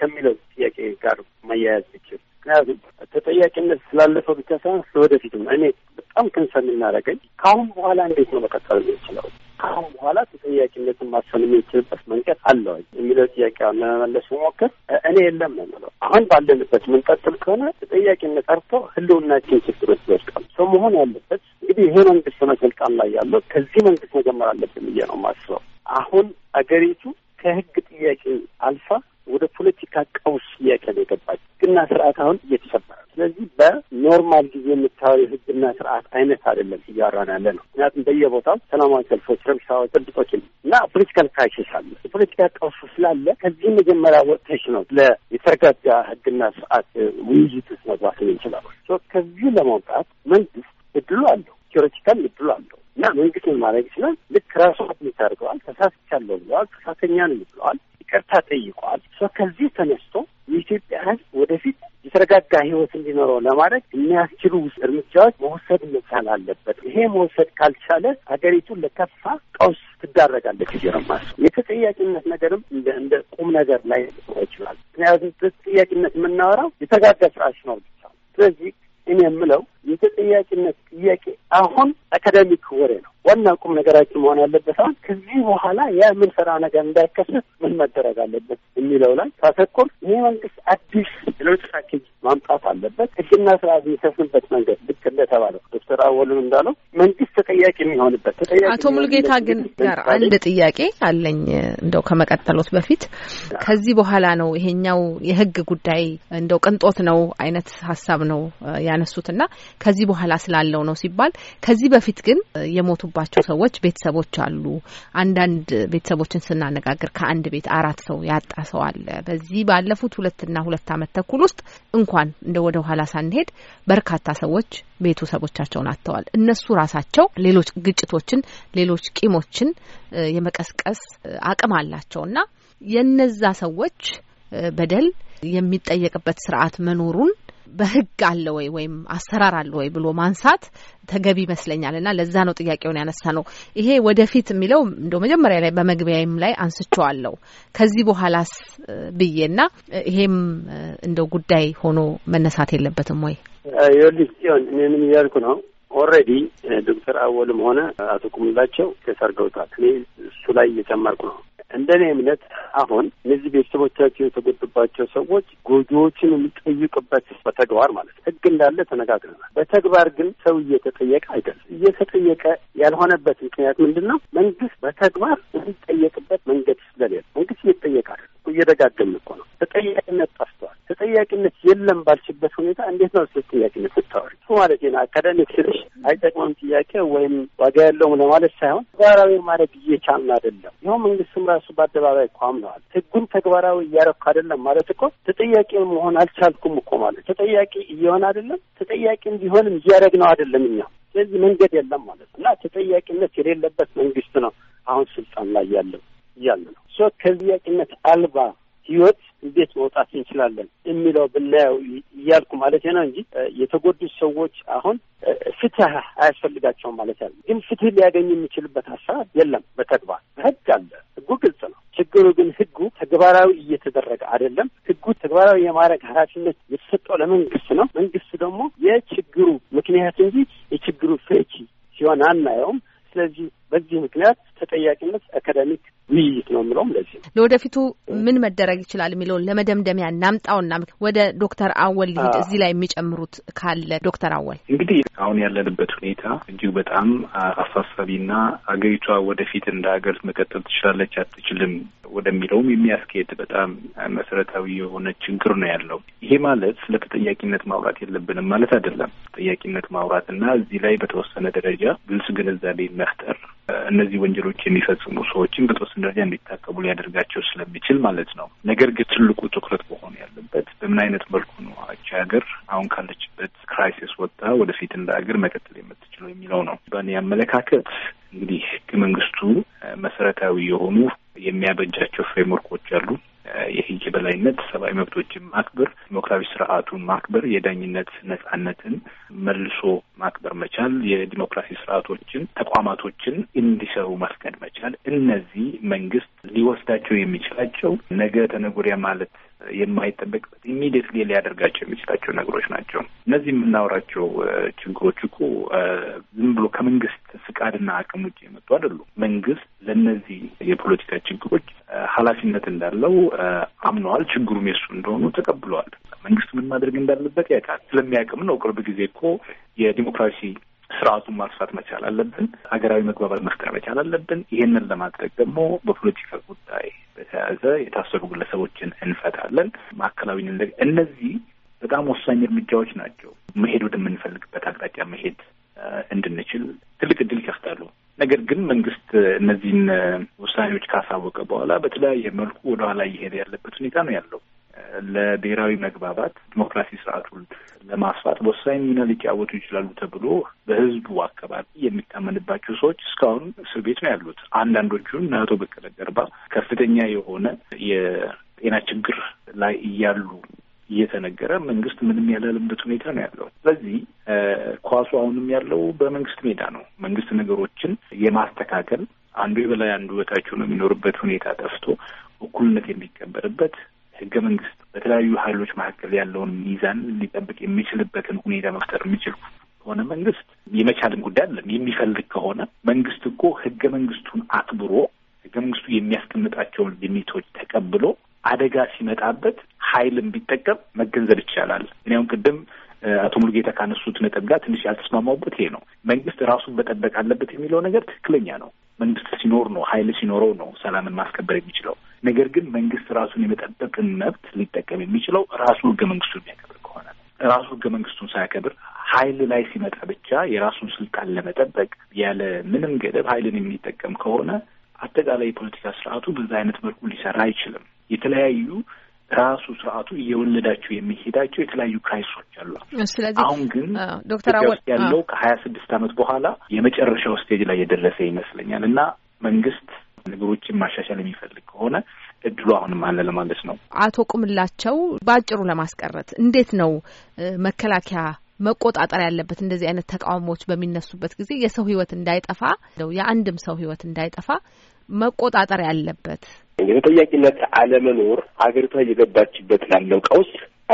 ከሚለው ጥያቄ ጋር መያያዝ ይችል ምክንያቱም ተጠያቂነት ስላለፈው ብቻ ሳይሆን ለወደፊትም እኔ በጣም ክንሰ የምናደርገኝ ከአሁን በኋላ እንዴት ነው መቀጠል የሚችለው ከአሁን በኋላ ተጠያቂነትን ማሰል የሚችልበት መንገድ አለ ወይ የሚለው ጥያቄ ለመመለስ መሞከር እኔ የለም ነው የምለው። አሁን ባለንበት ምንቀጥል ከሆነ ተጠያቂነት ጠርተው ህልውናችን ችግር ውስጥ ይወድቃል። ሰው መሆን ያለበት እንግዲህ ይሄ መንግስት በመሰልጣን ላይ ያለው ከዚህ መንግስት መጀመር አለብን ብዬ ነው የማስበው። አሁን አገሪቱ ከህግ ጥያቄ አልፋ ወደ ፖለቲካ ቀውስ ጥያቄ ነው የገባች። ህግና ስርዓት አሁን እየተ ስለዚህ በኖርማል ጊዜ የምታየው ህግና ስርዓት አይነት አይደለም እያወራን ያለ ነው። ምክንያቱም በየቦታው ሰላማዊ ሰልፎች፣ ረብሻዎች፣ ጥብጦች እና ፖለቲካል ክራይሲስ አለ። የፖለቲካ ቀውሱ ስላለ ከዚህ መጀመሪያ ወጥተሽ ነው ለተረጋጋ ህግና ስርዓት ውይይት ውስጥ መግባት ይችላል። ከዚህ ለመውጣት መንግስት እድሉ አለው፣ ቴዎሬቲካል እድሉ አለው እና መንግስት ምን ማድረግ ይችላል? ልክ ራሱ አድርገዋል። ተሳስቻለሁ ብለዋል። ተሳተኛ ነው ብለዋል። ይቅርታ ጠይቋል። ከዚህ ተነስቶ የኢትዮጵያ ህዝብ ወደፊት የተረጋጋ ህይወት እንዲኖረው ለማድረግ የሚያስችሉ እርምጃዎች መውሰድ መቻል አለበት። ይሄ መውሰድ ካልቻለ ሀገሪቱን ለከፋ ቀውስ ትዳረጋለች። ጀርማስ የተጠያቂነት ነገርም እንደ ቁም ነገር ላይ ይችላል። ምክንያቱም ተጠያቂነት የምናወራው የተረጋጋ ስርዓት ሲኖር ብቻ። ስለዚህ እኔ የምለው የተጠያቂነት ጥያቄ አሁን አካዳሚክ ወሬ ነው። ዋና ቁም ነገራችን መሆን ያለበት አሁን ከዚህ በኋላ ያ ምን ስራ ነገር እንዳይከሰት ምን መደረግ አለበት የሚለው ላይ ካተኮር ይህ መንግስት አዲስ ሌሎች ፓኬጅ ማምጣት አለበት። ህግና ስርዓት የሚሰፍንበት መንገድ ልክ እንደተባለው ዶክተር አወሉን እንዳለው መንግስት ተጠያቂ የሚሆንበት ተጠያቂ አቶ ሙልጌታ ግን ጋር አንድ ጥያቄ አለኝ እንደው ከመቀጠሎት በፊት ከዚህ በኋላ ነው ይሄኛው የህግ ጉዳይ እንደው ቅንጦት ነው አይነት ሀሳብ ነው ያነሱትና ከዚህ በኋላ ስላለው ነው ሲባል ከዚህ በፊት ግን የሞቱባቸው ሰዎች ቤተሰቦች አሉ። አንዳንድ ቤተሰቦችን ስናነጋግር ከአንድ ቤት አራት ሰው ያጣ ሰው አለ። በዚህ ባለፉት ሁለትና ሁለት ዓመት ተኩል ውስጥ እንኳን እንደ ወደ ኋላ ሳንሄድ በርካታ ሰዎች ቤተሰቦቻቸውን አጥተዋል። እነሱ ራሳቸው ሌሎች ግጭቶችን፣ ሌሎች ቂሞችን የመቀስቀስ አቅም አላቸውና የነዛ ሰዎች በደል የሚጠየቅበት ስርዓት መኖሩን በህግ አለ ወይ ወይም አሰራር አለ ወይ ብሎ ማንሳት ተገቢ ይመስለኛል እና ለዛ ነው ጥያቄውን ያነሳ ነው። ይሄ ወደፊት የሚለው እንደ መጀመሪያ ላይ በመግቢያም ላይ አንስቸዋለሁ። ከዚህ በኋላስ ብዬና ይሄም እንደ ጉዳይ ሆኖ መነሳት የለበትም ወይ ይኸውልሽ እኔንም እያልኩ ነው ኦልሬዲ ዶክተር አወልም ሆነ አቶ ቁምላቸው ተሰርገውታል። እኔ እሱ ላይ እየጨመርኩ ነው። እንደ እኔ እምነት አሁን እነዚህ ቤተሰቦቻቸው የተጎዱባቸው ሰዎች ጎጆዎችን የሚጠይቅበት በተግባር ማለት ህግ እንዳለ ተነጋግረናል። በተግባር ግን ሰው እየተጠየቀ አይደለም። እየተጠየቀ ያልሆነበት ምክንያት ምንድን ነው? መንግስት በተግባር የሚጠየቅበት መንገድ ስለሌለ መንግስት እየተጠየቃል። እየደጋገም እኮ ነው። ተጠያቂነት ጠፍቷል። ተጠያቂነት የለም ባልችበት ሁኔታ እንዴት ነው ስለ ተጠያቂነት ስታወሪ? ማለት ና አካዳሚክ ስልሽ አይጠቅመም ጥያቄ ወይም ዋጋ ያለውም ለማለት ሳይሆን ተግባራዊ ማድረግ እየቻልን አይደለም። ይኸው መንግስት ስምራ ራሱ በአደባባይ እኮ ህጉን ተግባራዊ እያረኩ አይደለም ማለት እኮ ተጠያቂ መሆን አልቻልኩም እኮ ማለት ተጠያቂ እየሆን አይደለም ተጠያቂ እንዲሆንም ነው አይደለም እኛ። ስለዚህ መንገድ የለም ማለት ነው እና ተጠያቂነት የሌለበት መንግስት ነው አሁን ስልጣን ላይ ያለው እያለ ነው ሶ ከጥያቄነት አልባ ህይወት እንዴት መውጣት እንችላለን የሚለው ብናየው እያልኩ ማለት ነው እንጂ የተጎዱት ሰዎች አሁን ፍትህ አያስፈልጋቸውም ማለት ያለ ግን ፍትህ ሊያገኙ የሚችልበት ሀሳብ የለም። በተግባር ህግ አለ፣ ህጉ ግልጽ ነው። ችግሩ ግን ህጉ ተግባራዊ እየተደረገ አይደለም። ህጉ ተግባራዊ የማድረግ ኃላፊነት የተሰጠው ለመንግስት ነው። መንግስት ደግሞ የችግሩ ምክንያት እንጂ የችግሩ ፍቺ ሲሆን አናየውም። ስለዚህ በዚህ ምክንያት ተጠያቂነት አካዳሚክ ውይይት ነው ለዚህ ነው። ለወደፊቱ ምን መደረግ ይችላል የሚለውን ለመደምደሚያ እናምጣውና ወደ ዶክተር አወል ሊሄድ እዚህ ላይ የሚጨምሩት ካለ ዶክተር አወል። እንግዲህ አሁን ያለንበት ሁኔታ እጅግ በጣም አሳሳቢና አገሪቷ ወደፊት እንደ ሀገር መቀጠል ትችላለች አትችልም ወደሚለውም የሚያስኬድ በጣም መሰረታዊ የሆነ ችግር ነው ያለው። ይሄ ማለት ስለ ተጠያቂነት ማውራት የለብንም ማለት አይደለም። ተጠያቂነት ማውራትና እዚህ ላይ በተወሰነ ደረጃ ግልጽ ግንዛቤ መፍጠር እነዚህ ወንጀሎች የሚፈጽሙ ሰዎችን በተወሰነ ደረጃ እንዲታቀቡ ሊያደርጋቸው ስለሚችል ማለት ነው። ነገር ግን ትልቁ ትኩረት መሆን ያለበት በምን አይነት መልኩ ነው አቺ ሀገር አሁን ካለችበት ክራይሲስ ወጥታ ወደፊት እንደ ሀገር መቀጠል የምትችለው የሚለው ነው። በእኔ አመለካከት እንግዲህ ህገ መንግስቱ መሰረታዊ የሆኑ የሚያበጃቸው ፍሬምወርኮች አሉ። የህግ የበላይነት፣ ሰብአዊ መብቶችን ማክበር፣ ዲሞክራዊ ስርዓቱን ማክበር፣ የዳኝነት ነጻነትን መልሶ ማክበር መቻል፣ የዲሞክራሲ ስርዓቶችን ተቋማቶችን እንዲሰሩ ማስቀድ መቻል እነዚህ መንግስት ሊወስዳቸው የሚችላቸው ነገ ተነጎሪያ ማለት የማይጠበቅበት ኢሚዲየትሊ ሊያደርጋቸው የሚችላቸው ነገሮች ናቸው። እነዚህ የምናወራቸው ችግሮች እኮ ዝም ብሎ ከመንግስት ፍቃድና አቅም ውጭ የመጡ አይደሉም። መንግስት ለእነዚህ የፖለቲካ ችግሮች ኃላፊነት እንዳለው አምነዋል። ችግሩም የሱ እንደሆኑ ተቀብለዋል። መንግስት ምን ማድረግ እንዳለበት ያውቃል። ስለሚያውቅም ነው ቅርብ ጊዜ እኮ የዲሞክራሲ ስርዓቱን ማስፋት መቻል አለብን። ሀገራዊ መግባባት መፍጠር መቻል አለብን። ይህንን ለማድረግ ደግሞ በፖለቲካ ጉዳይ በተያያዘ የታሰሩ ግለሰቦችን እንፈታለን። ማዕከላዊ እነዚህ በጣም ወሳኝ እርምጃዎች ናቸው። መሄድ ወደምንፈልግበት አቅጣጫ መሄድ እንድንችል ትልቅ እድል ይከፍታሉ። ነገር ግን መንግስት እነዚህን ውሳኔዎች ካሳወቀ በኋላ በተለያየ መልኩ ወደኋላ እየሄደ ያለበት ሁኔታ ነው ያለው። ለብሔራዊ መግባባት ዲሞክራሲ ስርዓቱን ለማስፋት ወሳኝ ሚና ሊጫወቱ ይችላሉ ተብሎ በህዝቡ አካባቢ የሚታመንባቸው ሰዎች እስካሁን እስር ቤት ነው ያሉት። አንዳንዶቹን እነ አቶ በቀለ ገርባ ከፍተኛ የሆነ የጤና ችግር ላይ እያሉ እየተነገረ መንግስት ምንም ያላለበት ሁኔታ ነው ያለው። ስለዚህ ኳሱ አሁንም ያለው በመንግስት ሜዳ ነው። መንግስት ነገሮችን የማስተካከል አንዱ የበላይ አንዱ በታች ነው የሚኖርበት ሁኔታ ጠፍቶ እኩልነት የሚከበርበት ህገ መንግስት በተለያዩ ሀይሎች መካከል ያለውን ሚዛን ሊጠብቅ የሚችልበትን ሁኔታ መፍጠር የሚችል ከሆነ መንግስት የመቻልም ጉዳይ አለም የሚፈልግ ከሆነ መንግስት እኮ ህገ መንግስቱን አክብሮ ህገ መንግስቱ የሚያስቀምጣቸውን ሊሚቶች ተቀብሎ አደጋ ሲመጣበት ሀይልን ቢጠቀም መገንዘብ ይቻላል። እኔ አሁን ቅድም አቶ ሙሉጌታ ካነሱት ነጥብ ጋር ትንሽ ያልተስማማውበት ይሄ ነው። መንግስት ራሱን መጠበቅ አለበት የሚለው ነገር ትክክለኛ ነው። መንግስት ሲኖር ነው ኃይል ሲኖረው ነው ሰላምን ማስከበር የሚችለው። ነገር ግን መንግስት ራሱን የመጠበቅን መብት ሊጠቀም የሚችለው ራሱ ህገ መንግስቱን የሚያከብር ከሆነ ራሱ ህገ መንግስቱን ሳያከብር ኃይል ላይ ሲመጣ ብቻ የራሱን ስልጣን ለመጠበቅ ያለ ምንም ገደብ ኃይልን የሚጠቀም ከሆነ አጠቃላይ የፖለቲካ ስርዓቱ በዛ አይነት መልኩ ሊሰራ አይችልም። የተለያዩ ራሱ ስርዓቱ እየወለዳቸው የሚሄዳቸው የተለያዩ ክራይሶች አሉ። ስለዚህ አሁን ግን ዶክተር አወል ያለው ከሀያ ስድስት ዓመት በኋላ የመጨረሻው ስቴጅ ላይ የደረሰ ይመስለኛል እና መንግስት ነገሮችን ማሻሻል የሚፈልግ ከሆነ እድሉ አሁንም አለ ለማለት ነው። አቶ ቁምላቸው በአጭሩ ለማስቀረት እንዴት ነው መከላከያ መቆጣጠር ያለበት እንደዚህ አይነት ተቃውሞዎች በሚነሱበት ጊዜ የሰው ህይወት እንዳይጠፋ የአንድም ሰው ህይወት እንዳይጠፋ መቆጣጠር ያለበት የተጠያቂነት አለመኖር ሀገሪቷ እየገባችበት ላለው ቀውስ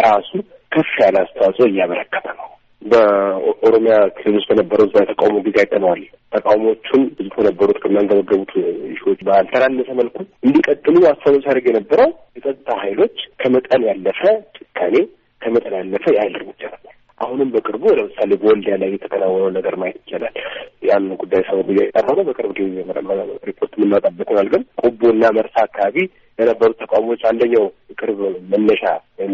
ራሱ ከፍ ያለ አስተዋጽኦ እያበረከተ ነው። በኦሮሚያ ክልል ውስጥ በነበረው እዛ የተቃውሞ ጊዜ አይተነዋል። ተቃውሞቹን ህዝብ ከነበሩት ከሚያንገበገቡት ሺዎች ባልተናነሰ መልኩ እንዲቀጥሉ አስተዋጽኦ ሲያደርግ የነበረው የጸጥታ ኃይሎች ከመጠን ያለፈ ጭካኔ፣ ከመጠን ያለፈ የኃይል እርምጃ ነበር። አሁንም በቅርቡ ለምሳሌ በወልዲያ ላይ የተከናወነው ነገር ማየት ይቻላል። ያን ጉዳይ ሰው ብያ የጠራ በቅርብ ጊዜ ሪፖርት የምናወጣበት ይሆናል። ግን ቆቦና መርሳ አካባቢ የነበሩ ተቋሞች አንደኛው ቅርብ መነሻ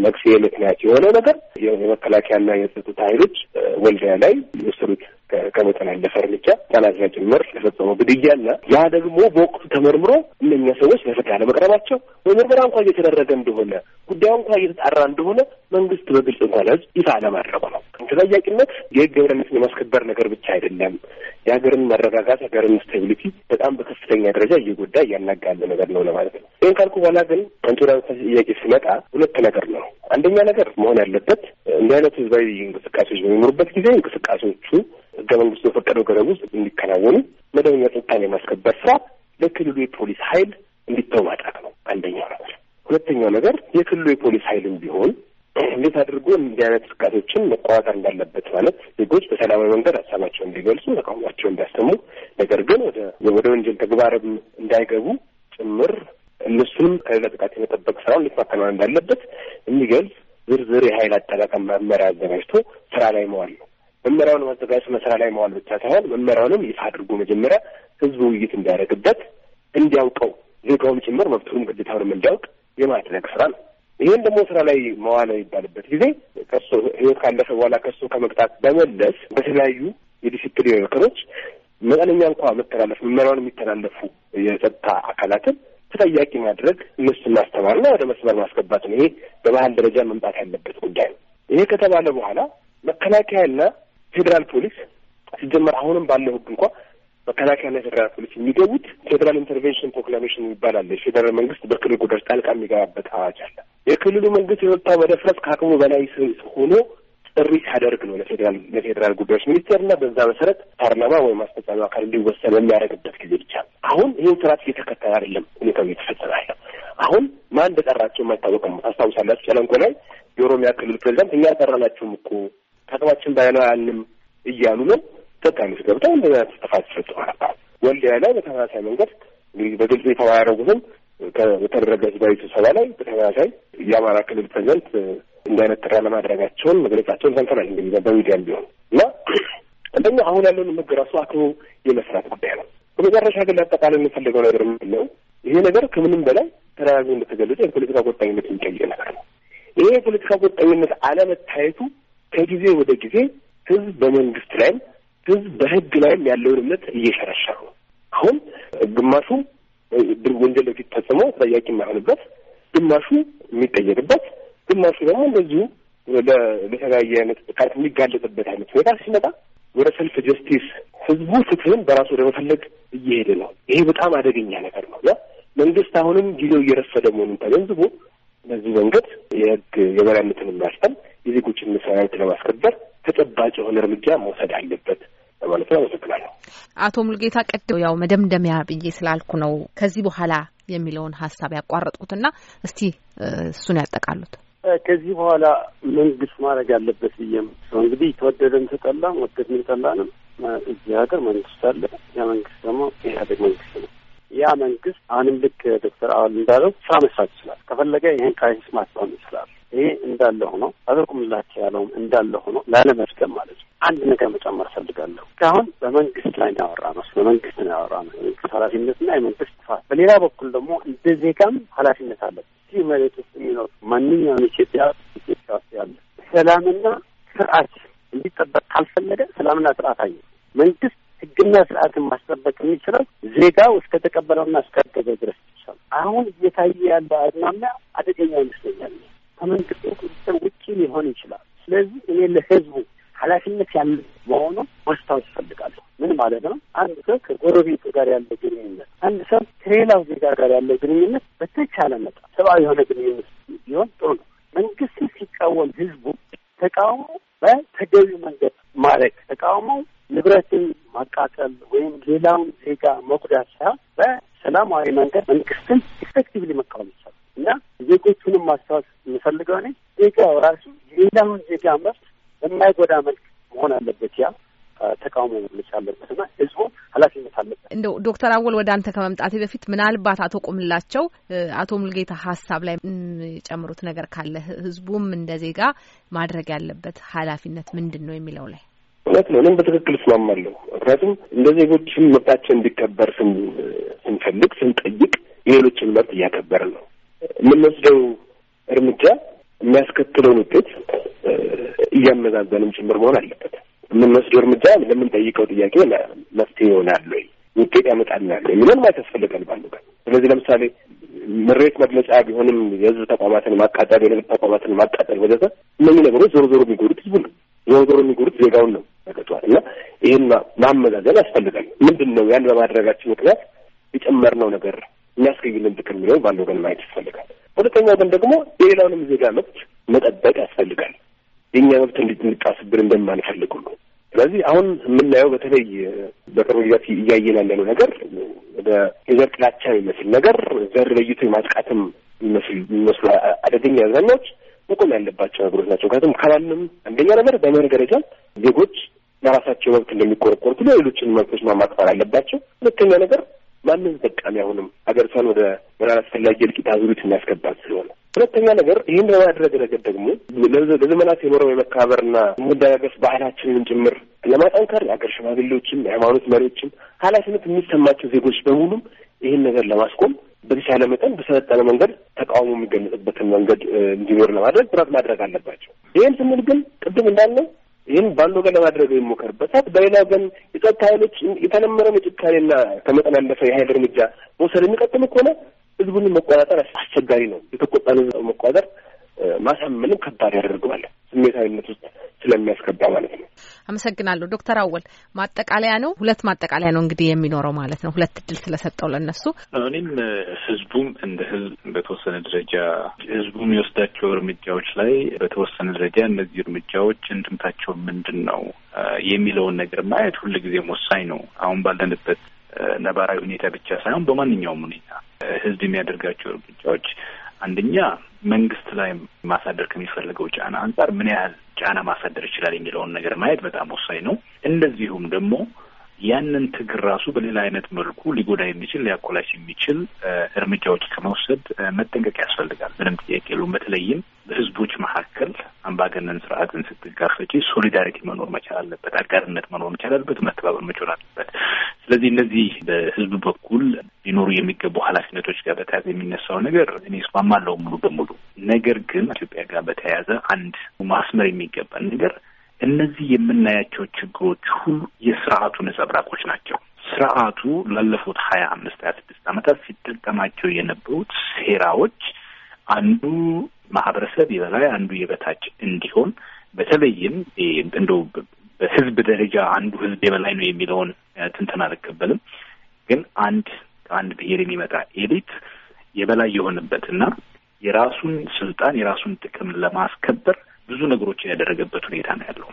መፍትሄ ምክንያት የሆነ ነገር የመከላከያና የጸጥታ ኃይሎች ወልዲያ ላይ የወሰዱት ከመጠን ያለፈ እርምጃ ጠናዝና ጭምር የፈጸመው ግድያና ያ ደግሞ በወቅቱ ተመርምሮ እነኛ ሰዎች ለፍርድ አለመቅረባቸው በምርመራ እንኳ እየተደረገ እንደሆነ ጉዳዩ እንኳ እየተጣራ እንደሆነ መንግስት በግልጽ እንኳ ለህዝብ ይፋ አለማድረጉ ነው። ተጠያቂነት የህግ የበላይነትን የማስከበር ነገር ብቻ አይደለም። የሀገርን መረጋጋት፣ ሀገርን ስታቢሊቲ በጣም በከፍተኛ ደረጃ እየጎዳ እያናጋ ያለ ነገር ነው ለማለት ነው። ይህን ካልኩ በኋላ ግን አንቶዳ ጥያቄ ሲመጣ ሁለት ነገር ነው። አንደኛ ነገር መሆን ያለበት እንዲህ አይነት ህዝባዊ እንቅስቃሴዎች በሚኖሩበት ጊዜ እንቅስቃሴዎቹ ህገ መንግስቱ በፈቀደው ገደብ ውስጥ እንዲከናወኑ መደበኛ ጸጥታን የማስከበር ስራ ለክልሉ የፖሊስ ኃይል እንዲተው ማድረግ ነው አንደኛው ነገር። ሁለተኛው ነገር የክልሉ የፖሊስ ኃይልም ቢሆን እንዴት አድርጎ እንዲህ አይነት እንቅስቃሴዎችን መቋጠር እንዳለበት ማለት ዜጎች በሰላማዊ መንገድ ሀሳባቸው እንዲገልጹ፣ ተቃውሟቸው እንዲያሰሙ፣ ነገር ግን ወደ ወደ ወንጀል ተግባርም እንዳይገቡ ጭምር እነሱንም ከሌላ ጥቃት የመጠበቅ ስራውን እንዴት ማከናወን እንዳለበት የሚገልጽ ዝርዝር የኃይል አጠቃቀም መመሪያ አዘጋጅቶ ስራ ላይ መዋል ነው። መመሪያውን ማዘጋጀት መስራ ላይ መዋል ብቻ ሳይሆን መመሪያውንም ይፋ አድርጎ መጀመሪያ ህዝቡ ውይይት እንዲያደርግበት እንዲያውቀው ዜጋውም ጭምር መብቱንም ግዴታውንም እንዲያውቅ የማድረግ ስራ ነው። ይህን ደግሞ ስራ ላይ መዋለ የሚባልበት ጊዜ ከሱ ህይወት ካለፈ በኋላ ከሱ ከመቅጣት በመለስ በተለያዩ የዲሲፕሊን ወክሮች መጠነኛ እንኳ መተላለፍ መመሪያውን የሚተላለፉ የጸጥታ አካላትን ተጠያቂ ማድረግ እነሱን ማስተማርና ወደ መስመር ማስገባት ነው። ይሄ በባህል ደረጃ መምጣት ያለበት ጉዳይ ነው። ይሄ ከተባለ በኋላ መከላከያና ፌዴራል ፖሊስ ሲጀመር አሁንም ባለው ህግ እንኳ መከላከያና ፌዴራል ፖሊስ የሚገቡት ፌዴራል ኢንተርቬንሽን ፕሮክላሜሽን ይባላል። የፌዴራል መንግስት በክልል ጉዳዮች ጣልቃ የሚገባበት አዋጅ አለ። የክልሉ መንግስት የወጣው መደፍረስ ከአቅሙ በላይ ሆኖ ጥሪ ሲያደርግ ነው ለፌዴራል ለፌዴራል ጉዳዮች ሚኒስቴር እና በዛ መሰረት ፓርላማ ወይም አስፈጻሚ አካል እንዲወሰን የሚያደርግበት ጊዜ ብቻ። አሁን ይህን ስርዓት እየተከተለ አይደለም፣ ሁኔታው እየተፈጸመ አይደለም። አሁን ማን እንደጠራቸው የማይታወቅም። ታስታውሳላችሁ፣ ጨለንቆ ላይ የኦሮሚያ ክልል ፕሬዚዳንት እኛ አልጠራናችሁም እኮ ከአቅማችን ባይነው ያንም እያሉ ነው። ኢትዮጵያ ገብተው እንደዚያ ጥፋት ተፈጽሞ ነበር። ወልዲያ ላይ በተመሳሳይ መንገድ እንግዲህ በግልጽ ይፋ ያደረጉትም በተደረገ ህዝባዊ ስብሰባ ላይ በተመሳሳይ የአማራ ክልል ፕሬዚደንት እንዲህ አይነት ጥሪ ለማድረጋቸውን መግለጫቸውን ሰምተናል። እንግዲህ በሚዲያም ቢሆን እና እንደኛ አሁን ያለውን ህግ ራሱ አክብሮ የመስራት ጉዳይ ነው። በመጨረሻ ግን ለአጠቃላይ የምንፈልገው ነገር ምንድነው? ይሄ ነገር ከምንም በላይ ተደጋግሞ እንደተገለጸ የፖለቲካ ቁርጠኝነት የሚጠይቅ ነገር ነው። ይሄ የፖለቲካ ቁርጠኝነት አለመታየቱ ከጊዜ ወደ ጊዜ ህዝብ በመንግስት ላይም ህዝብ በህግ ላይም ያለውን እምነት እየሸረሸሩ አሁን ግማሹ ወንጀል በፊት ፈጽሞ ተጠያቂ የማይሆንበት፣ ግማሹ የሚጠየቅበት፣ ግማሹ ደግሞ እንደዚሁ ለተለያየ አይነት ጥቃት የሚጋለጥበት አይነት ሁኔታ ሲመጣ ወደ ሰልፍ ጀስቲስ ህዝቡ ፍትህን በራሱ ወደ መፈለግ እየሄደ ነው። ይሄ በጣም አደገኛ ነገር ነው መንግስት አሁንም ጊዜው እየረፈደ መሆኑን ተገንዝቦ በዚህ መንገድ የህግ የበላይነትን የሚያስጠል የዜጎችን መሰራዊት ለማስከበር ተጨባጭ የሆነ እርምጃ መውሰድ አለበት። ለማለት ነው። አመሰግናለሁ። አቶ ሙልጌታ ቀድም ያው መደምደሚያ ብዬ ስላልኩ ነው ከዚህ በኋላ የሚለውን ሀሳብ ያቋረጥኩትና እስቲ እሱን ያጠቃሉት። ከዚህ በኋላ መንግስት ማድረግ ያለበት ብዬም ነው እንግዲህ ተወደደም ተጠላም ወደድንም ጠላንም እዚህ ሀገር መንግስት አለ። ያ መንግስት ደግሞ ኢህአዴግ መንግስት ነው። ያ መንግስት አሁንም ልክ ዶክተር አዋል እንዳለው ስራ መስራት ይችላል። ከፈለገ ይህን ክራይሲስ ማስቆም ይችላል። ይሄ እንዳለ ሆኖ አበቁምላቸው ያለውም እንዳለ ሆኖ ላለመድገም ማለት ነው። አንድ ነገር መጨመር ፈልጋለሁ። እስካሁን በመንግስት ላይ ያወራ ነው፣ በመንግስት ነው ያወራ ነው፣ የመንግስት ኃላፊነትና የመንግስት ጥፋት። በሌላ በኩል ደግሞ እንደ ዜጋም ኃላፊነት አለ። እዚህ መሬት ውስጥ የሚኖር ማንኛውም ኢትዮጵያ ኢትዮጵያ ውስጥ ያለ ሰላምና ስርዓት እንዲጠበቅ ካልፈለገ ሰላምና ስርዓት አየ መንግስት ህግና ስርዓትን ማስጠበቅ የሚችለው ዜጋው እስከተቀበለውና ተቀበለውና ድረስ ይቻል። አሁን እየታየ ያለው አዝማሚያ አደገኛ ይመስለኛል። ከመንግስት ቁጥጥር ውጭ ሊሆን ይችላል። ስለዚህ እኔ ለህዝቡ ኃላፊነት ያለ መሆኑ ማስታወስ ይፈልጋሉ። ምን ማለት ነው? አንድ ሰው ከጎረቤቱ ጋር ያለ ግንኙነት፣ አንድ ሰው ከሌላው ዜጋ ጋር ያለ ግንኙነት በተቻለ መጠን ሰብአዊ የሆነ ግንኙነት ቢሆን ጥሩ ነው። መንግስት ሲቃወም ህዝቡ ተቃውሞ በተገቢ መንገድ ማድረግ ተቃውሞ ንብረትን ማቃጠል ወይም ሌላውን ዜጋ መጉዳት ሳይሆን በሰላማዊ መንገድ መንግስትን ኢፌክቲቭሊ መቃወም ዜጎቹንም ማስታወስ የምፈልገው እኔ ዜጋው ራሱ ሌላውን ዜጋ መብት በማይጎዳ መልክ መሆን አለበት። ያ ተቃውሞ መግለጫ አለበት እና ህዝቡ ኃላፊነት አለበት። እንደው ዶክተር አወል ወደ አንተ ከመምጣቴ በፊት ምናልባት አቶ ቁምላቸው አቶ ሙልጌታ ሀሳብ ላይ የጨምሩት ነገር ካለ ህዝቡም እንደ ዜጋ ማድረግ ያለበት ኃላፊነት ምንድን ነው የሚለው ላይ እውነት ነው። እኔም በትክክል እስማማለሁ። ምክንያቱም እንደ ዜጎችም መብታቸው እንዲከበር ስንፈልግ ስንጠይቅ የሌሎችን መብት እያከበር ነው። የምንወስደው እርምጃ የሚያስከትለውን ውጤት እያመዛዘንም ጭምር መሆን አለበት። የምንወስደው እርምጃ ለምንጠይቀው ጥያቄ መፍትሄ ይሆናል ወይ ውጤት ያመጣልናል የሚለን ማየት ያስፈልጋል ባሉ ቀን። ስለዚህ ለምሳሌ ምሬት መግለጫ ቢሆንም የህዝብ ተቋማትን ማቃጠል፣ የንግድ ተቋማትን ማቃጠል ወዘተ፣ እነዚህ ነገሮች ዞሮ ዞሮ የሚጎዱት ህዝቡ ነው። ዞሮ ዞሮ የሚጎዱት ዜጋውን ነው ተገቷል እና ይህን ማመዛዘን ያስፈልጋል። ምንድን ነው ያን በማድረጋችን ምክንያት የጨመርነው ነገር የሚያስገኝልን ጥቅም የሚለውን በአንድ ወገን ማየት ያስፈልጋል። ሁለተኛ ወገን ደግሞ የሌላውንም ዜጋ መብት መጠበቅ ያስፈልጋል። የእኛ መብት እንድንጣስብን እንደማንፈልግ ሁሉ። ስለዚህ አሁን የምናየው በተለይ በቅርብ ጊዜያት እያየን ያለነው ነገር ወደ የዘር ጥላቻ የሚመስል ነገር ዘር ለይቶ የማጥቃትም የሚመስሉ አደገኛ አብዛኛዎች መቆም ያለባቸው ነገሮች ናቸው። ምክንያቱም ከማንም አንደኛ ነገር በመርህ ደረጃ ዜጎች ለራሳቸው መብት እንደሚቆረቆሩት ሌሎችን መብቶች ማማክበር አለባቸው። ሁለተኛ ነገር ማንም ተጠቃሚ አሁንም አገሪቷን ወደ ወደ አስፈላጊ እልቂት አዙሪት የሚያስገባት ስለሆነ ሁለተኛ ነገር ይህን በማድረግ ረገድ ደግሞ ለዘመናት የኖረው የመከባበርና መደጋገፍ ባህላችንን ጭምር ለማጠንከር የሀገር ሽማግሌዎችም የሃይማኖት መሪዎችም ኃላፊነት የሚሰማቸው ዜጎች በሙሉም ይህን ነገር ለማስቆም በተቻለ መጠን በሰለጠነ መንገድ ተቃውሞ የሚገለጽበትን መንገድ እንዲኖር ለማድረግ ጥረት ማድረግ አለባቸው። ይህን ስንል ግን ቅድም እንዳለው ይህን በአንድ ወገን ለማድረግ የሚሞከርበት ሰዓት፣ በሌላ ወገን የጸጥታ ኃይሎች የተለመደውን የጭካኔና ተመጠላለፈ የኃይል እርምጃ መውሰድ የሚቀጥሉ ከሆነ ህዝቡን መቆጣጠር አስቸጋሪ ነው። የተቆጣን ህዝብ መቆጣጠር ማሳመንም ከባድ ያደርገዋል። ስሜታዊነት ውስጥ ስለሚያስገባ ማለት ነው። አመሰግናለሁ ዶክተር አወል ማጠቃለያ ነው ሁለት ማጠቃለያ ነው እንግዲህ የሚኖረው ማለት ነው ሁለት እድል ስለሰጠው ለነሱ እኔም ህዝቡም እንደ ህዝብ በተወሰነ ደረጃ ህዝቡ የሚወስዳቸው እርምጃዎች ላይ በተወሰነ ደረጃ እነዚህ እርምጃዎች እንድምታቸው ምንድን ነው የሚለውን ነገር ማየት ጊዜ ወሳኝ ነው። አሁን ባለንበት ነባራዊ ሁኔታ ብቻ ሳይሆን በማንኛውም ሁኔታ ህዝብ የሚያደርጋቸው እርምጃዎች አንደኛ መንግስት ላይ ማሳደር ከሚፈልገው ጫና አንጻር ምን ያህል ጫና ማሳደር ይችላል የሚለውን ነገር ማየት በጣም ወሳኝ ነው። እንደዚሁም ደግሞ ያንን ትግር ራሱ በሌላ አይነት መልኩ ሊጎዳ የሚችል ሊያኮላሽ የሚችል እርምጃዎች ከመውሰድ መጠንቀቅ ያስፈልጋል። ምንም ጥያቄ የሉም። በተለይም በህዝቦች መካከል አምባገነን ስርዓትን ስትጋፈጪ ሶሊዳሪቲ መኖር መቻል አለበት፣ አጋርነት መኖር መቻል አለበት፣ መተባበር መቻል አለበት። ስለዚህ እነዚህ በህዝብ በኩል ሊኖሩ የሚገቡ ኃላፊነቶች ጋር በተያያዘ የሚነሳው ነገር እኔ እስማማለሁ ሙሉ በሙሉ። ነገር ግን ኢትዮጵያ ጋር በተያያዘ አንድ ማስመር የሚገባን ነገር እነዚህ የምናያቸው ችግሮች ሁሉ የስርዓቱ ነጸብራቆች ናቸው። ስርዓቱ ላለፉት ሀያ አምስት ሀያ ስድስት ዓመታት ሲጠቀማቸው የነበሩት ሴራዎች አንዱ ማህበረሰብ የበላይ አንዱ የበታች እንዲሆን በተለይም እንደው በህዝብ ደረጃ አንዱ ህዝብ የበላይ ነው የሚለውን ትንተን አልቀበልም። ግን አንድ ከአንድ ብሔር የሚመጣ ኤሊት የበላይ የሆነበትና የራሱን ስልጣን የራሱን ጥቅም ለማስከበር ብዙ ነገሮችን ያደረገበት ሁኔታ ነው ያለው።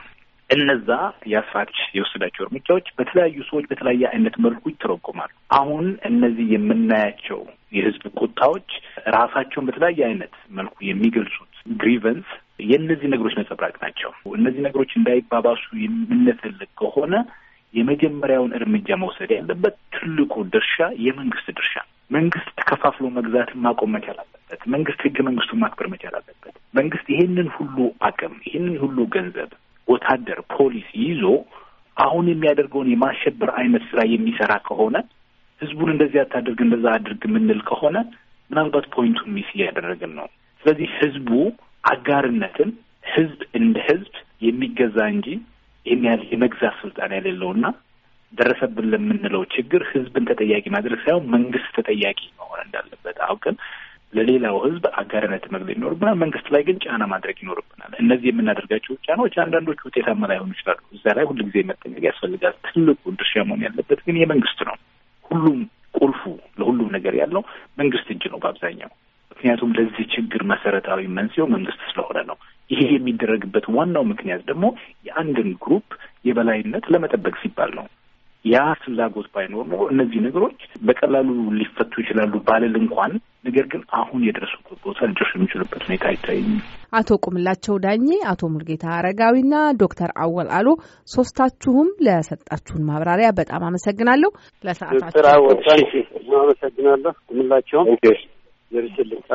እነዛ የአስራች የወሰዳቸው እርምጃዎች በተለያዩ ሰዎች በተለያየ አይነት መልኩ ይተረጎማሉ። አሁን እነዚህ የምናያቸው የህዝብ ቁጣዎች ራሳቸውን በተለያየ አይነት መልኩ የሚገልጹት ግሪቨንስ የእነዚህ ነገሮች ነጸብራቅ ናቸው። እነዚህ ነገሮች እንዳይባባሱ የምንፈልግ ከሆነ የመጀመሪያውን እርምጃ መውሰድ ያለበት ትልቁ ድርሻ የመንግስት ድርሻ መንግስት ተከፋፍሎ መግዛትን ማቆም መቻል አለ። አለበት። መንግስት ህገ መንግስቱን ማክበር መቻል አለበት። መንግስት ይሄንን ሁሉ አቅም ይሄንን ሁሉ ገንዘብ፣ ወታደር፣ ፖሊስ ይዞ አሁን የሚያደርገውን የማሸበር አይነት ስራ የሚሰራ ከሆነ ህዝቡን እንደዚህ አታደርግ እንደዛ አድርግ የምንል ከሆነ ምናልባት ፖይንቱን ሚስ እያደረግን ነው። ስለዚህ ህዝቡ አጋርነትን ህዝብ እንደ ህዝብ የሚገዛ እንጂ የመግዛት ስልጣን የሌለውና ደረሰብን ለምንለው ችግር ህዝብን ተጠያቂ ማድረግ ሳይሆን መንግስት ተጠያቂ መሆን እንዳለበት አውቀን ለሌላው ህዝብ አጋርነት መግለጽ ይኖርብናል። መንግስት ላይ ግን ጫና ማድረግ ይኖርብናል። እነዚህ የምናደርጋቸው ጫናዎች አንዳንዶቹ ውጤታማ ላይሆኑ ይችላሉ። እዛ ላይ ሁልጊዜ መጠንቀቅ ያስፈልጋል። ትልቁ ድርሻ መሆን ያለበት ግን የመንግስት ነው። ሁሉም ቁልፉ ለሁሉም ነገር ያለው መንግስት እጅ ነው በአብዛኛው። ምክንያቱም ለዚህ ችግር መሰረታዊ መንስኤው መንግስት ስለሆነ ነው። ይሄ የሚደረግበት ዋናው ምክንያት ደግሞ የአንድን ግሩፕ የበላይነት ለመጠበቅ ሲባል ነው። ያ ፍላጎት ባይኖር ነው እነዚህ ነገሮች በቀላሉ ሊፈቱ ይችላሉ ባልል እንኳን ነገር ግን አሁን የደረሱበት ቦታ ልጆች የሚችሉበት ሁኔታ አይታይም። አቶ ቁምላቸው ዳኜ፣ አቶ ሙልጌታ አረጋዊና ዶክተር አወል አሉ ሶስታችሁም ለሰጣችሁን ማብራሪያ በጣም አመሰግናለሁ። ለሰዓታችሁ አወል አመሰግናለሁ። ቁምላቸውም ርስልኝ